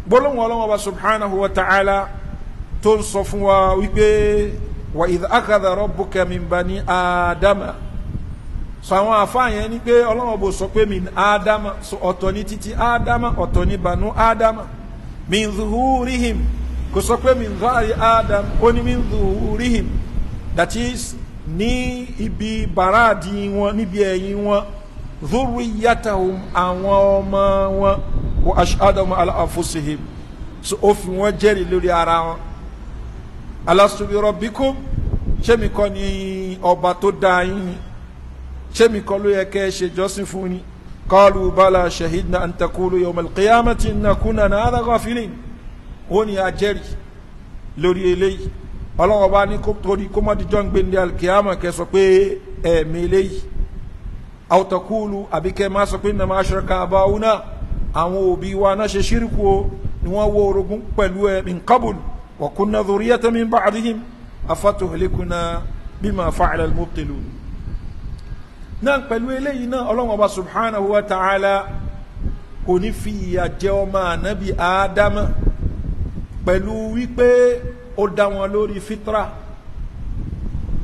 gbólóhùn ọlọ́wọ́n ọba subhanahu wa ta'ala tó ń sọ fún wa wípé wa idh akhadha rabbuka min bani adama so àwọn àfáàyàn ni pé ọlọ́wọ́n bò sọ pé min adama so ọ̀tọ̀ ní títí adama ọ̀tọ̀ ní banu adama min zuhurihim kò sọ pé min dhari adam ó ní min zuhurihim that is ní ibi bàràdì wọn níbi ẹ̀yìn wọn dhurriyatahum àwọn ọmọ wọn wa ashhadahum ala anfusihim so ó fi wọn jẹ́rìí lórí ara wọn alastu bi rabbikum ṣémi kọ́ ni ọba tó dá yín ṣémi kọ́ ló yẹ kẹ́ ẹ ṣe jọ́sìn fún ni qalu bala shahidna an taqulu yawm al-qiyamati inna kunna an hadha ghafilin a jẹ́rìí lórí eléyìí ọlọ́wọ́ bá ní torí kó má dijọ́ ń gbé ní alikiyama kẹ sọ pé ẹ̀ẹ̀mí eléyìí àwòtọ́kùlù àbí kẹ má sọ pé nàmá aṣọ́ka àbáwúná àwọn òbí wa náà ṣe ṣírìkù o ni wọ́n wọ orogún pẹ̀lú ẹ̀ min qabul wa kunna dhurriyatan min ba'dihim afatuhlikuna bima fa'ala al-mubtilun. náà pẹ̀lú eléyìí náà ọlọ́wọ́ bá subhanahu wa ta'ala ó dá wọn lórí fitra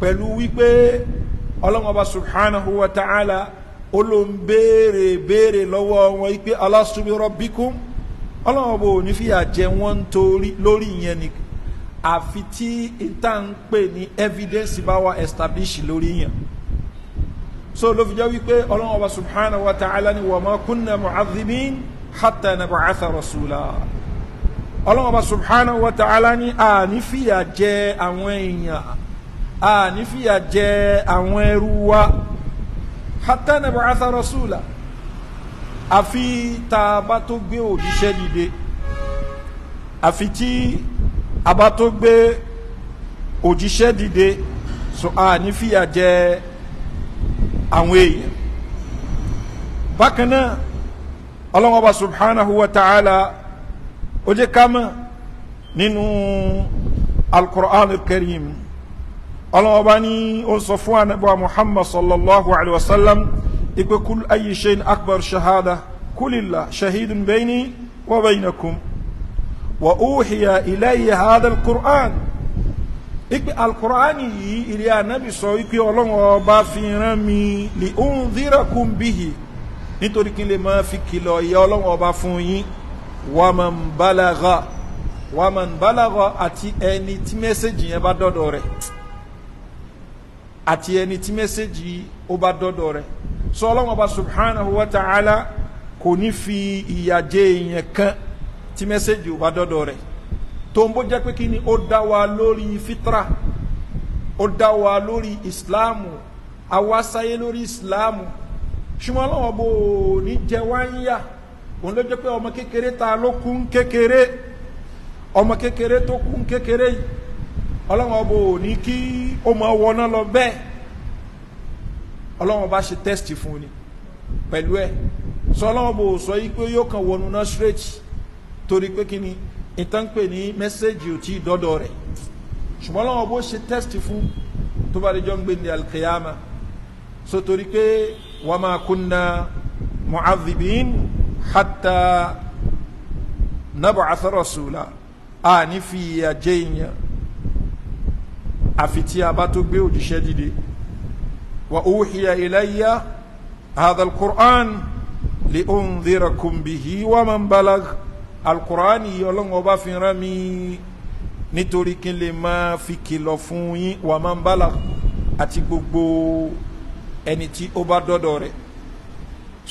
pẹ̀lú wípé ọlọ́mọba subhanahu wa ta'ala ó ló ń béèrè béèrè lọ́wọ́ wọn wípé alastu bi rabbikum ọlọ́mọba ò ní fìyà jẹ wọ́n ń torí lórí ìyẹn ni àfi tí ìta ń pè ní evidence bá wa establish lórí yẹn so ló fi jẹ́ wípé ọlọ́mọba subhanahu wa ta'ala ni wa ma kunna mu'adhibin hatta nab'atha rasula ọlọ́run ọba subhanahu wa ta'ala ní ànífìyà jẹ àwọn èèyàn ànífìyà jẹ àwọn ẹrú wa hatta nab'atha rasula àfi tá a bá tó gbé òjíṣẹ́ dìde àfi tí a tó gbé òjíṣẹ́ dìde so ànífìyà jẹ àwọn èèyàn bákan náà ọlọ́run ọba subhanahu wa ta'ala ó jẹ́ ká mọ̀ nínú alukur'an karim ọlọ́wọ́ bá ní ó sọ fún anábọ́ muhammad sallallahu alayhi wa sallam ìpè kul ayi shayin akbar shahada kulila shahidun bayni wa baynakum wa uhiya ilayya hada alukur'an ìpè alukur'an yìí ilé anábì sọ ìpè ọlọ́wọ́ bá mi li undhirakum bihi nítorí kí n lè fi kìlọ̀ ìyà ọlọ́wọ́ bá fún waman balaga waman balaga ati ẹni tí mẹ́sẹ̀jì yẹn bá dọ́dọ̀ rẹ̀ àti ẹni tí mẹ́sẹ̀jì ó bá dọ́dọ̀ rẹ̀ sọ ọlọ́wọ́n subhanahu wa ta'ala kò ní fi ìyà jẹ èèyàn kan tí mẹ́sẹ̀jì ó bá dọ́dọ̀ rẹ̀ tó ń bó jẹ́ pé kí ni ó dá wa lórí fitra ó dá wa lórí ìsìláàmù àwa lórí ìsìláàmù ṣùgbọ́n bò ní jẹ wá ń òun ló jẹ́ pé ọmọ kékeré ta ló kú ń kékeré ọmọ kékeré tó kú ń kékeré yìí ọlọ́run ọba ò ní kí ó mọ wọná lọ bẹ́ẹ̀ ọlọ́run ọba ṣe tẹ́sítì fún ni pẹ̀lú ẹ̀ sọ ọlọ́run ọba ò sọ yìí pé yóò kàn wọnú náà straight torí pé kí ni ìtàn pè ní mẹ́sẹ́ẹ̀jì ò dọ́dọ̀ rẹ̀ ṣùgbọ́n ọlọ́run ọba ó ṣe tẹ́sítì fún tó bá lè ń gbé ní alkiyama so torí pé wàá máa kunna mu'adhibin hatta nab'atha rasula a ní fi ìyà jẹ èèyàn àfi tí a bá tó gbé òjíṣẹ́ dìde wa uhiya ilayya hadha al-Qur'an li unzirakum bihi wa man balag al-Qur'an yìí ọlọ́ngọ́ bá fi rán mi nítorí kí n lè máa fi kìlọ̀ fún yín wa man balag àti gbogbo ẹni tí ó bá dọ́dọ̀ rẹ̀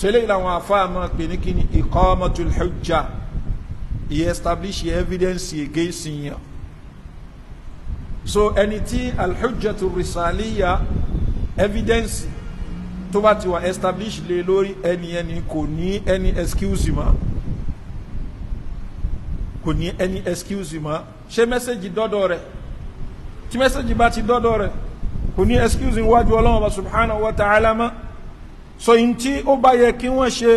ṣẹlẹ̀ yìí làwọn afáàmọ́ pè ní kíni iqamatul hujja he establish evidence against yàn so ẹni tí alhujjatu risaliya evidence tó bá ti wà establish lé lórí ẹni ẹni kò ní ẹni excuse mọ́ kò ní ẹni excuse mọ́ ṣé mẹ́sẹ̀gì dọ́dọ̀ rẹ̀ tí mẹ́sẹ̀gì bá ti dọ́dọ̀ rẹ̀ kò ní excuse níwájú ọlọ́run subhanahu wa ta'ala mọ́ so yìí tí ó bá yẹ kí wọ́n ṣe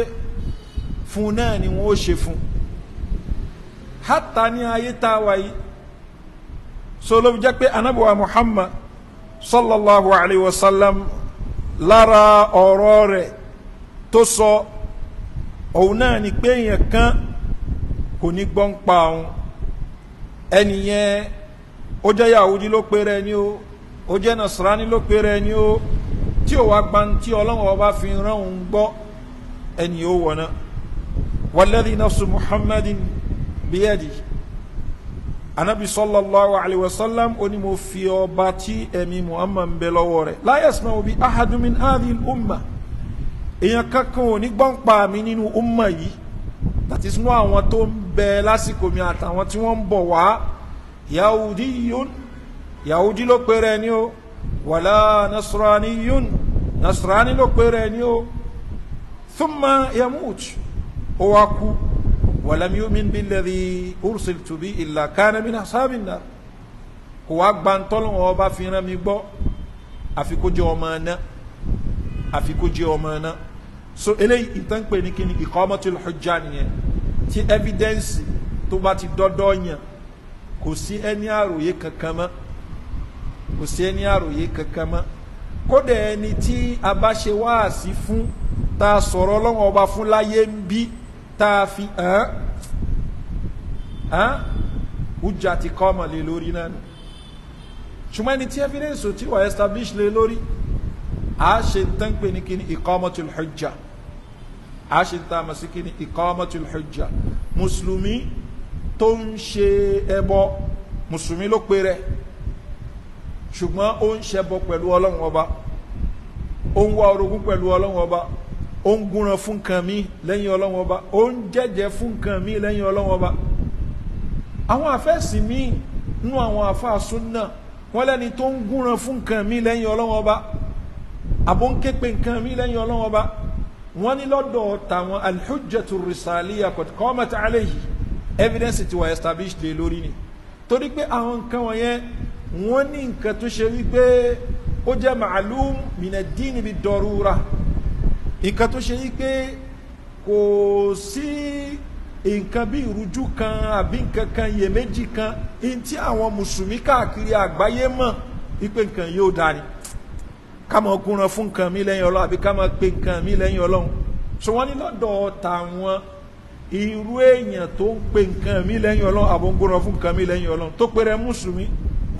fún náà ni wọ́n ó ṣe fún hátà ní ayé tá a wà yìí so ló jẹ́ pé anábìwá Muhammad sallallahu alayhi wa sallam lára ọ̀rọ̀ rẹ̀ tó sọ òun náà ni pé èèyàn kan kò ní gbọ́n pa òun ẹni yẹn ó jẹ́ Yahudi ló pé rẹ ni ó ó jẹ́ Nasrani ló pé rẹ ni ó tí ò wá gba tí ọlọ́run ọba fi rán òun gbọ́ ẹni ó wọ̀nà walladhi nafsu muhammadin biyadi anabi sallallahu alayhi wa sallam ó ní mo fi ọba tí ẹ̀mí muhammad ń bẹ lọ́wọ́ rẹ̀ la yasma'u bi ahadun min hadhihi al-umma èèyàn kankan ò ní gbọ́npa mi nínú umma yìí that is àwọn tó ń bẹ lásìkò mi àtàwọn tí wọ́n ń bọ̀ wá yahudi yahudi ló pèrè ni o wàlá nasraniyun nasrani ló pé rẹ̀ ní o thumma yamut ó wá kú walam yu'min billadhi ursiltu bi illa kana min ashabin nar kò wá gbantọ́lọ́ wọn bá fi rán mi gbọ́ àfi kó jẹ́ ọmọ náà àfi kó jẹ́ ọmọ náà so eléyìí ìtàn pè ní kíni iqamatul hujja nìyẹn tí evidence tó bá ti dọ́dọ́ yàn kò sí ẹni àròyé kankan mọ́ kò sí ẹni àròyé kankan mọ́ kódà ẹni tí a bá ṣe wáàsí fún tá a sọ̀rọ̀ ọlọ́wọ́n ọba fún láyé ń bí tá a fi hàn án hujja ti kọ́ ọmọ lé lórí náà ni ṣùgbọ́n ẹni tí evidence ò tí wà establish lé lórí a ṣe ń tán pé ní kí ni iqamatul hujja a ṣe ń tán àmọ́ sí kí ni iqamatul hujja mùsùlùmí tó ń ṣe ẹbọ mùsùlùmí ló pe rẹ̀ ṣùgbọ́n ó ń ṣẹbọ pẹ̀lú ọlọ́run ọba ó ń wá orogún pẹ̀lú ọlọ́run ọba ó ń gúnran fún nǹkan mi lẹ́yìn ọlọ́run ọba ó ń jẹ́jẹ́ fún nǹkan mi lẹ́yìn ọlọ́run ọba àwọn àfẹ́sìn míì nínú àwọn àfàsùn náà wọ́n lẹ́ni tó ń gúnran fún nǹkan mi lẹ́yìn ọlọ́run ọba àbó ń ké nǹkan mi lẹ́yìn ọlọ́run ọba wọ́n ní lọ́dọ̀ tàwọn alhujjatu risaliya kọ́mọ̀tà alayhi evidence ti wà established lórí ni torí pé àwọn nǹkan wọ̀nyẹn wọ́n ní nǹkan tó ṣe wípé ó jẹ́ màálùm mìnàdínì bí dọ̀rúra nǹkan tó ṣe wípé kò sí nǹkan bí ìrújú kan àbí nǹkan kan iyèméjì kan ní tí àwọn mùsùlùmí káàkiri àgbáyé mọ̀ wípé nǹkan yóò dání ká máa gúnran fún nǹkan mi lẹ́yìn ọlọ́run àbí ká máa pe nǹkan mi lẹ́yìn ọlọ́run so wọ́n ní lọ́dọ̀ tàwọn irú èèyàn tó ń pe nǹkan mi lẹ́yìn ọlọ́run àbò fún nǹkan mi lẹ́yìn ọlọ́run tó pèrè mùsùlùmí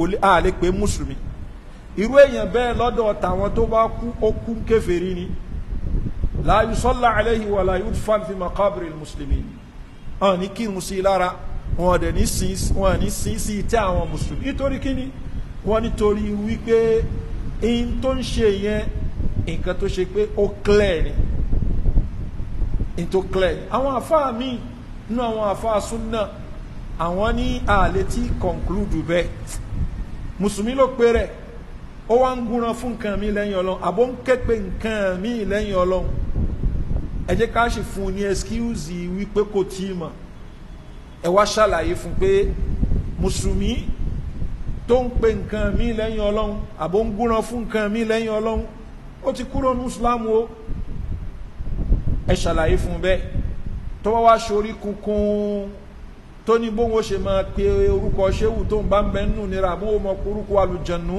kò lè a lè pè é mùsùlùmí irú èèyàn bẹ́ẹ̀ lọ́dọ̀ tàwọn tó bá kú ó kú kèfèrí ni la yusalla alayhi wa la yudfan fi maqabiri muslimin hàn ní kírun sí i lára wọn dẹ̀ ní sin wọn ní sin sí i tẹ́ àwọn mùsùlùmí nítorí kíni wọn nítorí wípé ihun tó ń ṣe yẹn nǹkan tó ṣe pé ó clear ni ihun tó clear ni àwọn àfáà míì nínú àwọn àfáà súnà àwọn ní àlétí conclude bẹ́ẹ̀ mùsùlùmí ló pe rẹ̀ ó wá ń gúnran fún nǹkan mi lẹ́yìn ọlọ́run àbó ń ké pe nǹkan mi lẹ́yìn ọlọ́run ẹ jẹ́ ká ṣe fún un ní ẹskíwùsì wípé kò tí ì mọ̀ ẹ wá ṣàlàyé fún pé mùsùlùmí tó ń pe nǹkan mi lẹ́yìn ọlọ́run àbó ń gúnran fún nǹkan mi lẹ́yìn ọlọ́run ó ti kúrò ní islam o ẹ ṣàlàyé fún un bẹ́ẹ̀ tó wá ṣorí kunkun tó ní bóun ó ṣe máa pe orúkọ ṣéwù tó ń bá ń bẹ nínú nira àmọ́ òun ọkọ̀ orúkọ àlùjànnú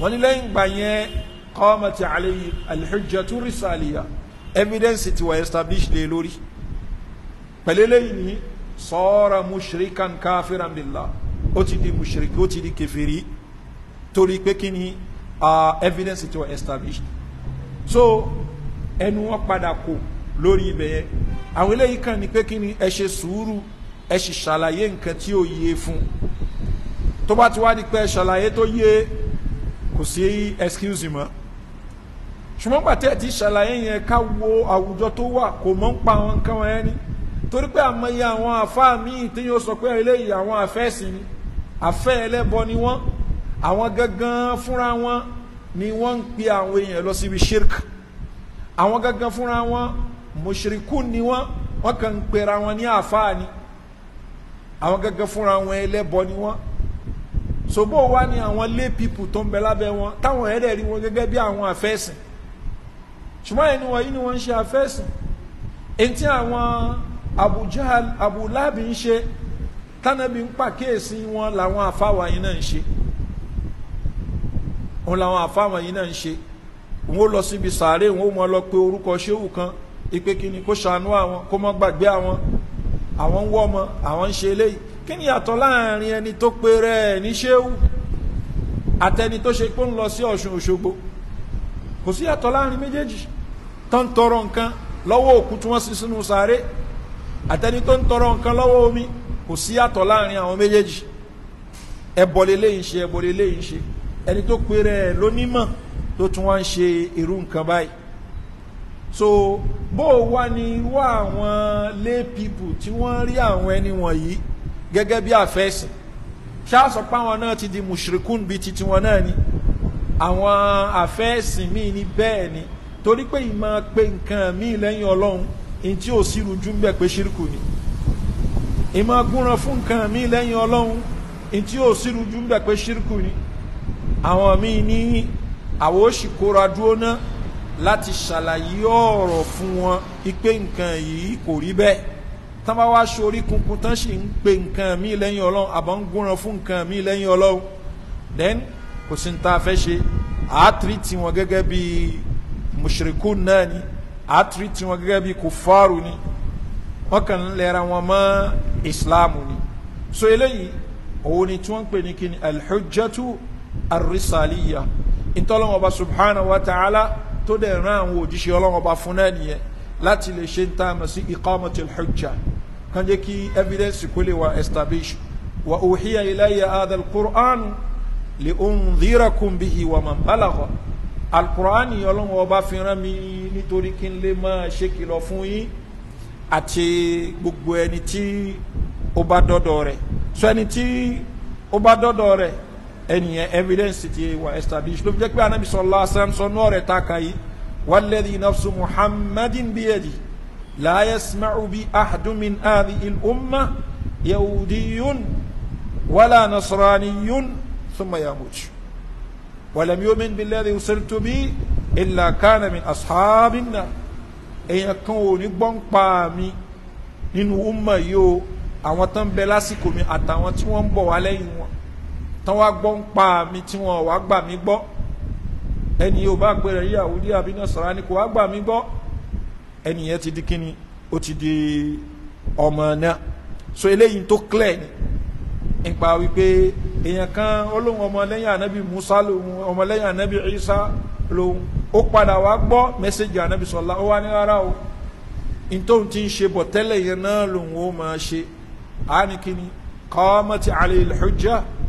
wọn ní lẹ́yìn ìgbà yẹn qamati alayhi al-hujjatu risaliya evidence ti wà establish lé lórí pẹ̀lú eléyìí ni sọ́ọ́ra mushrikan káfíran billah ó ti di mushrik ó ti di kèfèrí torí pé kí ni evidence ti wà establish so ẹnu wọn padà kò lórí ibẹ̀ yẹn àwọn eléyìí kan ni pé kí ni ẹ ṣe sùúrù ẹ sì ṣàlàyé nǹkan tí ó yé fún tó bá ti wá di pé ṣàlàyé tó yé kò sí excuse mọ́ ṣùgbọ́n pàtẹ́ ti ṣàlàyé yẹn ká wo àwùjọ tó wà kò mọ̀ ń pa àwọn nǹkan wọn ẹni torí pé àmọye àwọn àfáà míì tí yóò sọ pé eléyìí àwọn àfẹ́sì ni àfẹ́ ẹlẹ́bọ ni wọ́n àwọn gangan fúnra wọn ni wọ́n ń pe àwọn èèyàn lọ síbi shirk àwọn gangan fúnra wọn mushrikun ni wọ́n wọ́n kàn ń pera wọn ní àfáà ni àwọn gẹ́gẹ́ fúnra wọn ẹlẹ́bọ ni wọ́n sobo wa ni àwọn lay people tó ń bẹ lábẹ́ wọn táwọn ẹ̀rẹ́ rí wọn gẹ́gẹ́ bí àwọn àfẹ́sìn ṣùgbọ́n ẹni wọ̀nyí ni wọ́n ń ṣe àfẹ́sìn etí àwọn Abu Jahal Abu Lahab ń ṣe tánàbí ń pàkíyèsí wọn làwọn àfáwà yìí náà ń ṣe òun làwọn àfáwà yìí náà ń ṣe òun ó lọ síbi sàárè òun ó mọ lọ pé orúkọ ṣéwù kan ìpè kíni kó ṣàánú àwọn kó mọ gbàgbé àwọn àwọn ń wọ́ ọmọ àwọn ń ṣe eléyìí kí ni yàtọ̀ láàrin ẹni tó pe rẹ̀ ní ṣéwù àtẹni tó ṣe pé ń lọ sí Ọ̀ṣun Òṣogbo kò sí yàtọ̀ láàrin méjèèjì tó ń tọrọ nǹkan lọ́wọ́ òkú tí wọ́n sin sínú sàárè àtẹni tó ń tọrọ nǹkan lọ́wọ́ omi kò sí yàtọ̀ láàrin àwọn méjèèjì ẹbọ leléyìí ṣe ẹbọ leléyìí ṣe ẹni tó pe rẹ̀ lónímọ̀ tó tún wá ń ṣe irú nǹkan báyìí so bó o wá ní irú àwọn lay people tí wọ́n rí àwọn ẹni wọ̀nyí gẹ́gẹ́ bí àfẹ́sìn ṣáàsọ páwọn náà ti di mushrikun bíi titi wọn náà ni àwọn àfẹ́sìn míì ní bẹ́ẹ̀ ni torí pé ìmọ̀ pé nǹkan míì lẹ́yìn ọlọ́run ní tí ò sí rújú ń bẹ̀ pé ṣírkù ni ìmọ̀ gúnran fún nǹkan míì lẹ́yìn ọlọ́run ní tí ò sí rújú ń bẹ̀ pé ṣírkù ni àwọn míì ní àwòṣìkóra dúró náà láti ṣàlàyé ọ̀rọ̀ fún wọn ipe nǹkan yìí kò rí bẹ́ẹ̀ tán bá wá sórí kunkun tán sì ń pe nǹkan míì lẹ́yìn ọlọ́run àbọ̀ ń gúnran fún nǹkan míì lẹ́yìn ọlọ́run then kò sí ní ta fẹ́ ṣe àátìrí tí wọn gẹ́gẹ́ bí mùṣírikù náà ni àátìrí tí wọn gẹ́gẹ́ bí kùfárù ni wọn kàn ń lẹ́ra wọn mọ́ ìsìláàmù ni so eléyìí òun ni tí wọ́n ń pè ní kíni alhujjatu arisaliya ìtọ́lọ́wọ́n ọba subhanahu wa ta'ala tó dẹ̀ rán àwọn òjíṣẹ́ ọlọ́run ọba fún náà nìyẹn láti lè ṣe ń tá a mọ̀ sí iqamatul hujja kan jẹ́ kí evidence kó lè wà establish wa uhiya ilayya hadha al-Qur'an li undhirakum bihi wa man balagha al-Qur'an yìí ọlọ́run ọba fi mi nítorí kí n lè máa ṣe kìlọ̀ fún yín àti gbogbo ẹni tí ó bá dọ́dọ̀ rẹ̀ so ẹni tí ó bá dọ́dọ̀ rẹ̀ ẹnìyẹn evidence ti wà establish ló fi jẹ́ pé anabi sallallahu alaihi wasallam sọ náà rẹ̀ ta ka yìí walladhi nafsu muhammadin biyadi la yasma'u bi ahadun min hadhihi al-umma yahudiyun wala nasraniyun thumma yamut walam yu'min billadhi ursiltu bihi illa kana min ashabin nar èèyàn kan ò ní gbọ́n pa mi nínú umma yìí o àwọn tó bẹ lásìkò mi àtàwọn tí wọ́n ń bọ̀ wá lẹ́yìn wọn tán wá gbọ́ ń pa mi tí wọn wá gbà mí gbọ́ ẹni yóò bá pèrè Yahudi àbí Nasara ni kò wá gbà mí gbọ́ ẹni yẹn ti di kíni ó ti di ọmọ náà so eléyìí tó clear ni nípa wípé èèyàn kan olóhùn ọmọlẹ́yìn anabi Musa lòun ọmọlẹ́yìn anabi Isa lòun ó padà wá gbọ́ mẹ́sẹ̀gì anabi sọ̀la ó wá ní rárá o ntòun ti ń ṣe bọ̀ tẹ́lẹ̀ yẹn náà lòun ó máa ṣe àá ní kíni qamati alayil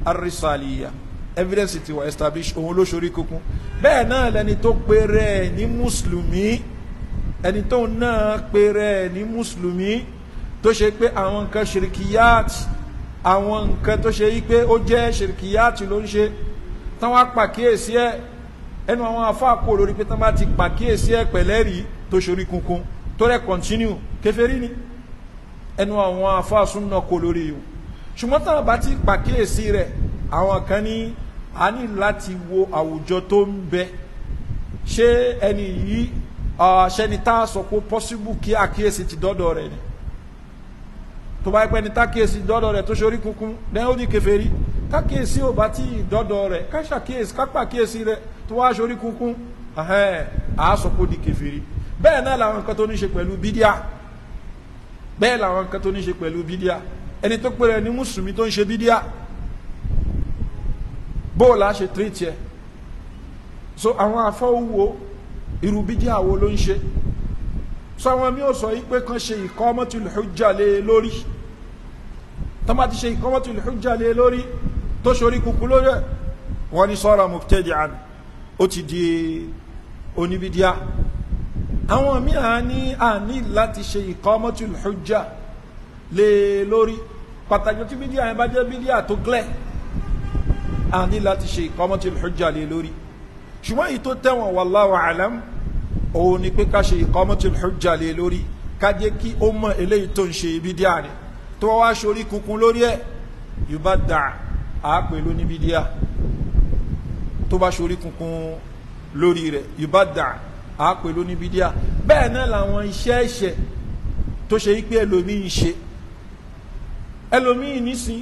arisaliya evidence ti wa establish òun ló ṣorí kunkun bẹ́ẹ̀ náà lẹni tó péré ẹ̀ ní mùsùlùmí ẹni tóun náà péré ẹ̀ ní mùsùlùmí tó ṣe pé àwọn nǹkan ṣirikiyat àwọn nǹkan tó ṣe yí pé ó jẹ́ ṣirikiyat ló ń ṣe táwọn apàkíyèsí ẹ ẹnu àwọn afáàkó lórí pé táwọn bá ti pàkíyèsí ẹ pẹ̀lẹ́rì tó ṣorí kunkun tó rẹ̀ continue kèfèrí ni ẹnu àwọn afáàsúnà kó lórí yìí ṣùgbọ́n táwọn bá ti pàkíyèsí rẹ̀ àwọn kan ní a ní láti wo àwùjọ tó ń bẹ ṣé ẹni yìí ṣẹni tá a sọ pé possible kí àkíyèsí ti dọ́dọ̀ rẹ̀ ni tó bá pẹ́ ni tákíyèsí dọ́dọ̀ rẹ̀ tó ṣorí kunkun dẹ́n ó di kèfèrí kákíyèsí ò bá tí ì dọ́dọ̀ rẹ̀ káṣàkíyèsí kápàkíyèsí rẹ̀ tó wá ṣorí kunkun àá sọ pé ó di kèfèrí bẹ́ẹ̀ náà làwọn nǹkan tó ní ṣe pẹ̀lú bídíà bẹ́ẹ̀ làwọn nǹkan tó ní ṣe pẹ̀lú bídíà ẹni tó pèrè ní mùsùlùmí tó ń ṣe bídíà bóòlù á ṣe tírètì ẹ so àwọn afọwúwo irú bídíà wo ló ń ṣe so àwọn mi ò sọ yí pé kan ṣe iqamatul hujja lé e lórí tó má ti ṣe iqamatul hujja lé e lórí tó ṣorí kúkú lórí ẹ wọn ní sara mubtadi'an ó ti di oníbídíà àwọn míì àní àní láti ṣe iqamatul hujja lé lórí pàtàkì tí bídíà yẹn bá jẹ́ bídíà tó gílẹ̀ a ní láti ṣe iqamatul hujja lé lórí ṣùgbọ́n èyí tó tẹ̀wọ̀n wallahu alam òun ni pé ká ṣe iqamatul hujja lé lórí ká jẹ́ kí ó mọ eléyìí tó ń ṣe bídíà ni tó wá wá ṣorí kunkun lórí ẹ̀ yorùbá dà á pè lóní bídíà tó bá ṣorí kunkun lórí rẹ̀ yorùbá dà á pè lóní bídíà bẹ́ẹ̀ náà làwọn iṣẹ́ ẹ̀ṣẹ̀ tó ṣe yí pé ẹlòmíín ṣe ẹlòmíì nísìn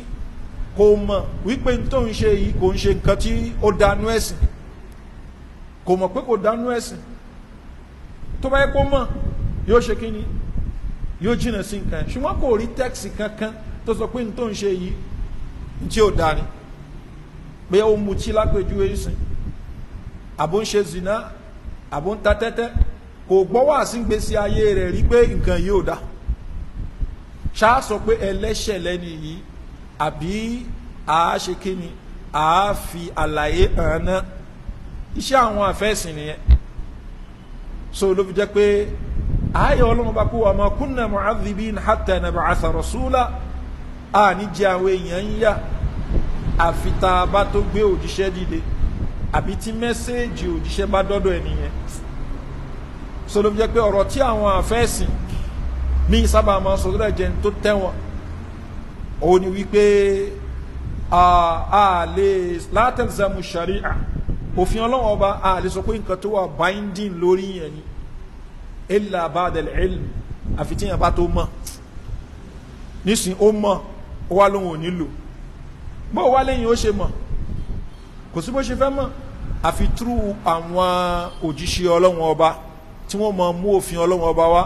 kò mọ̀ wípé n tó ń ṣe yìí kò ń ṣe nǹkan tí ó dánú ẹ̀sìn kò mọ̀ pé kò dánú ẹ̀sìn tó bá yẹ kó mọ̀ yóò ṣe kí ni yóò jìnnà sí nǹkan yẹn ṣùgbọ́n kò rí tẹ́ksì kankan tó sọ pé n tó ń ṣe yìí tí ó dání pé ó mutí lápèjúwe sìn àbó ń ṣe zina àbó ń ta tẹ́tẹ́ kò gbọ́ wá sí gbèsè ayé rẹ̀ rí pé nǹkan yìí ò dáa ṣáà sọ pé ẹlẹ́ṣẹ̀ lẹ́ni yìí àbí àá ṣe kí ni àá fi àlàyé hàn náà iṣẹ́ àwọn àfẹ́sìn nìyẹn so ló fi jẹ́ pé ààyè ọlọ́run bá kú wa ma kunna mu'adhibin hatta nab'atha rasula a ní jẹ́ àwọn èèyàn ń yá àfi tó gbé òjíṣẹ́ dìde àbí tí mẹ́sẹ́ẹ̀jì òjíṣẹ́ bá dọ́dọ̀ ẹ̀ nìyẹn so ló fi jẹ́ pé ọ̀rọ̀ tí àwọn àfẹ́sìn mi sábà máa ń sọ tó dàjẹ́ tó tẹ̀wọ̀n òun ni wípé látẹ̀lẹ́sàmù sharia òfin ọlọ́wọ́n ọba a lè sọ pé nǹkan tó wà binding lórí yẹn ni illa ba'dal ilm àfi tí yẹn bá tó mọ̀ nísìn ó mọ̀ ó wá lóhun ò nílò bó wá lẹ́yìn ó ṣe mọ̀ kò sí bó ṣe fẹ́ mọ̀ àfi túrú àwọn òjíṣẹ́ ọlọ́wọ́n ọba tí wọ́n mọ̀ mú òfin ọlọ́wọ́n ọba wá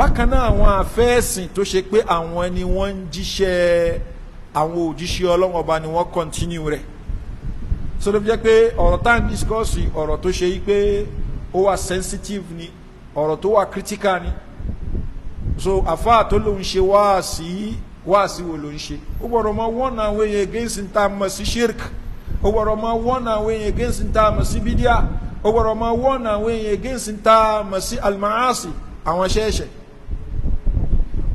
bákan náà àwọn àfẹ́ẹ̀sìn tó ṣe pé àwọn ni wọ́n ń jíṣẹ́ àwọn òjíṣẹ́ ọba ni wọ́n kọ́ntínú rẹ̀ so fi jẹ́ pé ọ̀rọ̀ tá à ń discourse ọ̀rọ̀ tó ṣe yí pé ó ni ọ̀rọ̀ tó wà ni so afa tó ló ń ṣe wa wáàsí wo ló ń ṣe ó gbọ́dọ̀ mọ wọ́n àwọn against mọ̀ shirk ó gbọ́dọ̀ mọ wọ́n àwọn èèyàn against ta mọ̀ sí bidia ó gbọ́dọ̀ mọ wọ́n àwọn èèyàn against mọ̀ sí àwọn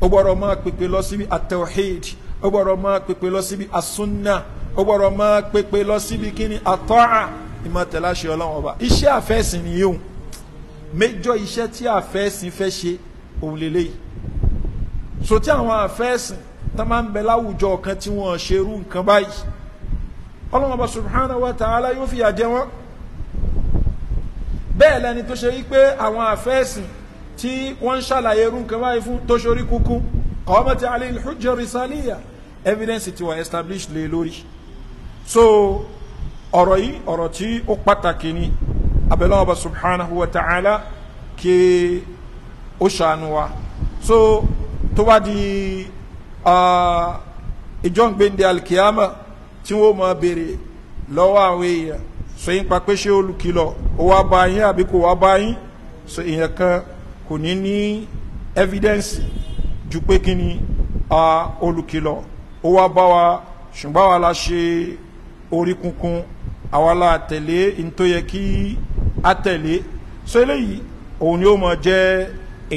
ó gbọ́dọ̀ máa pèpè lọ síbi atawhid ó gbọ́dọ̀ máa pèpè lọ síbi asunna ó gbọ́dọ̀ máa pèpè lọ síbi kíni atọ́à ìmọ̀tẹ́láṣẹ ọlọ́run ọba iṣẹ́ àfẹ́sìn nìyí òun méjọ iṣẹ́ tí àfẹ́sìn fẹ́ ṣe òun lélẹ́yìí so tí àwọn àfẹ́sìn tá máa ń bẹ láwùjọ kan tí wọ́n ṣe irú nǹkan báyìí ọlọ́run ọba subhanahu wa ta'ala yóò fìyà jẹ wọ́n bẹ́ẹ̀ lẹni tó ṣe wípé àwọn àfẹ́sìn tí wọ́n ń ṣàlàyé irú nǹkan báyìí fún tóṣorí kúkú qawamati alayhi al-hujja risaliya evidence ti wà established lé lórí so ọ̀rọ̀ yìí ọ̀rọ̀ tí ó pàtàkì ni abẹ́lẹ́ subhanahu wa ta'ala kí ó ṣàánú wa so tó bá di ìjọ ń gbéǹde alkiyama tí wọ́n máa béèrè lọ́wọ́ àwọn èèyàn sọ yín pa pé ṣé olùkìlọ̀ ó wá bá yín àbí kò wá bá yín sọ èèyàn kan kò ní ní evidence ju pé kí ni a olùkìlọ̀ ó wá bá wa ṣùgbọ́n àwa la ṣe orí kunkun àwa la tẹ̀lé ntóyẹ kí a tẹ̀lé so eléyìí òun ni ó máa jẹ́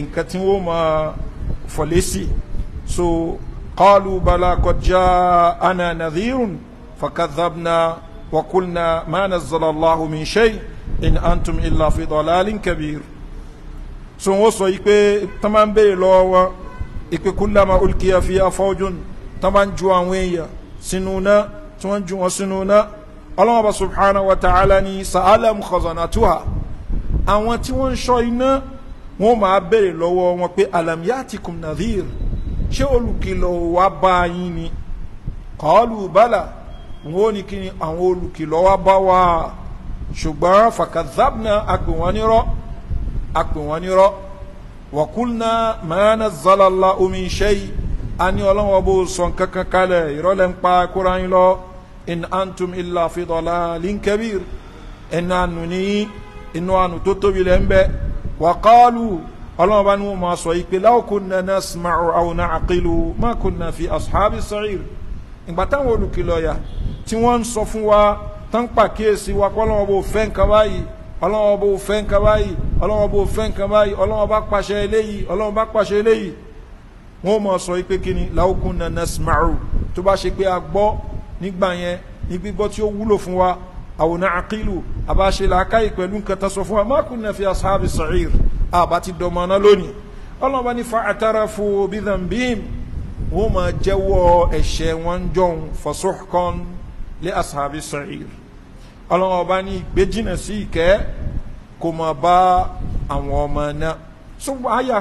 nǹkan tí wọ́n máa fọ̀lé sí so qalu bala qad ja'ana nadhirun fakadhabna wa qulna ma nazzala Allahu in antum illa fi dalalin kabir so wọ́n sọ yìí pé tán máa ń béèrè lọ́wọ́ wa ìpè kullama ulqiya fiha fawjun tán máa ń ju àwọn èèyàn sínú náà tí wọ́n ń ju wọn sínú náà ọlọ́wọ́n bá wa ta'ala ní sa'alam khazanatuha àwọn tí wọ́n ń ṣọ́ iná wọ́n máa béèrè lọ́wọ́ wọn pé alam yatikum nadhir ṣé olùkìlọ̀ wá bá yín ni qalu bala wọ́n ní kí ni àwọn olùkìlọ̀ wá bá wa ṣùgbọ́n fakadhabna àpè wọn a pè wọ́n nírọ́ wàkúlnà mẹ́rẹ́nà zalala omi iṣẹ́ yìí a ní ọlọ́wọ́ bó sọ kankan kalẹ̀ ìrọ́lẹ̀ ń pa kóra yín lọ in antum illa fidọ́lá linkabir ẹnu ànú ní inú ànú tó tóbi lẹ́ ń bẹ́ wàkọ́ọ̀lù ọlọ́wọ́ bá ní wọ́n máa sọ yìí pé law kunna nasma'u aw na'qilu ma kunna fi ashabi sa'ir ìgbà táwọn olùkìlọ̀ yà tí wọ́n wa tán pàkíyèsí wa kọ́ lọ́wọ́ bó fẹ́ nǹkan báyìí ọlọ́wọ́n bó fẹ́ nǹkan báyìí ọlọ́wọ́n bó fẹ́ nǹkan báyìí ọlọ́wọ́n bá pàṣẹ eléyìí ọlọ́wọ́n bá pàṣẹ eléyìí wọ́n mọ̀ sọ pé kí ni láwùkún nana smaru tó bá ṣe pé a gbọ́ nígbà yẹn ní gbígbọ́ tí ó wúlò fún wa àwòrán àkílù àbáṣe làákàyè pẹ̀lú nǹkan tó sọ fún wa má kún nàfi asáàbì sa'ir àbá ti dọ̀mọ̀ náà lónìí ọlọ́wọ́n ní fa àtàrà fún bídàmbíìm wọ́n máa jẹ́wọ́ ẹ̀ṣẹ̀ wọn jọun fasuhkan lé asáàbì sa'ir ọlọ́run ọba ní ìgbé jìnnà sí ìkẹ́ kó máa bá àwọn ọmọ náà ṣùgbọ́n àyà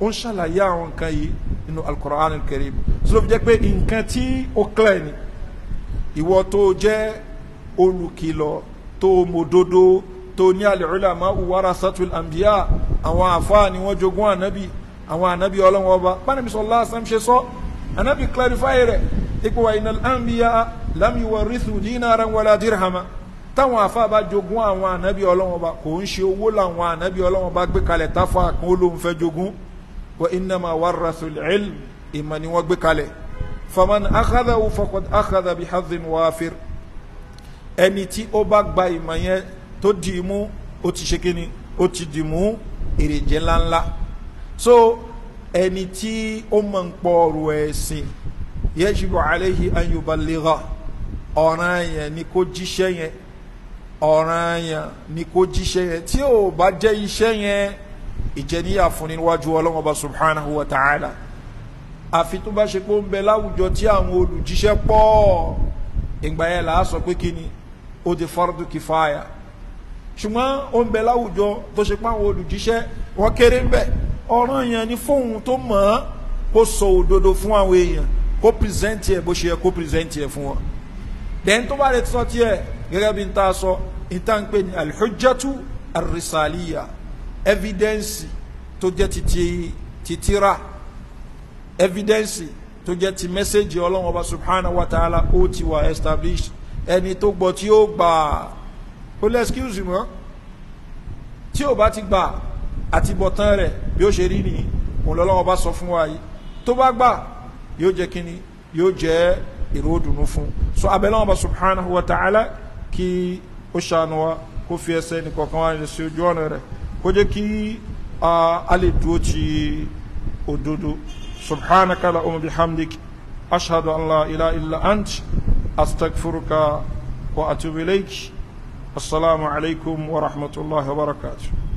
ó ń ṣàlàyé àwọn nǹkan yìí nínú alukur'an al-karim sọlọ́ fi jẹ́ pé nǹkan tí ó kílẹ̀ ni ìwọ tó jẹ́ olùkìlọ̀ tó mòdodo tó ní al-ulama warasatul anbiya àwọn àfáà ni wọ́n jogún ànábì àwọn ànábì ọlọ́run ọba bánàbí lásán ṣe sọ ànábì clarify rẹ̀ ipò wa inal anbiya lam yuwarrithu dinaran wala dirhama táwọn afa bá jogún àwọn ànábì ọlọ́wọ́n bá kò ń ṣe owó làwọn ànábì ọlọ́wọ́n bá gbé kalẹ̀ táfà kan ó ló ń fẹ́ jogún wa innama warasul ìmọ̀ ni wọ́n gbé kalẹ̀ faman akhadahu faqad akhadha bi hadhin wafir ẹni tí ó bá gba ìmọ̀ yẹn tó dì mú ó ti ṣe kíni ó ti dì mú èrè ńláńlá so ẹni tí ó mọ̀ ń pọ̀ ẹ̀sìn yajibu alayhi an yuballigha ọ̀ràn yẹn ni kó jíṣẹ́ yẹn ọ̀ràn yẹn ni kó jíṣẹ́ yẹn tí ò bá jẹ́ iṣẹ́ yẹn ìjẹniyà fún níwájú ọlọ́run ọba subhanahu wa ta'ala àfi tó bá ṣe pé ó ń bẹ láwùjọ tí àwọn olùjíṣẹ́ pọ̀ ìgbà yẹn là á sọ pé kí ni ó di fardu kifaya ṣùgbọ́n ó ń bẹ láwùjọ tó ṣe pé àwọn olùjíṣẹ́ wọ́n kéré ń bẹ ọ̀ràn yẹn ni fóun tó mọ̀ ọ́ kó sọ òdodo fún àwọn èèyàn kó pírẹsẹ̀ntì ẹ̀ bó ṣe yẹ kó pírẹsẹ̀ntì ẹ̀ fún wọn dẹ́n tó bá lè sọ tiẹ̀ gẹ́gẹ́ bí n ta sọ ìtàn pé ní alhujjatu arisaliya evidence tó jẹ́ titi titira evidence tó jẹ́ ti mẹ́sẹ̀gì ọlọ́run ọba subhanahu wa ta'ala ó ti wà established ẹni tó gbọ́ tí ó gbà ó lé excuse mọ́ tí ò bá ti gbà àti bọ̀tán rẹ̀ bí ó ṣe rí ni òun sọ fún wa yìí tó bá gbà yóò jẹ́ kíni yóò jẹ́ èrò òdùnnú fún so abẹ́lẹ́ ọba subhanahu wa ta'ala kí ó ṣàánú wa kó fi ẹsẹ̀ nìkọ̀ọ̀kan wá sí ojú ọ̀nà rẹ̀ kó jẹ́ kí a lè dúró ti òdodo subhanaka la umu bihamdik ashhadu an la ilaha illa ant astaghfiruka wa atubu ilayk assalamu alaikum wa rahmatullahi wa barakatuh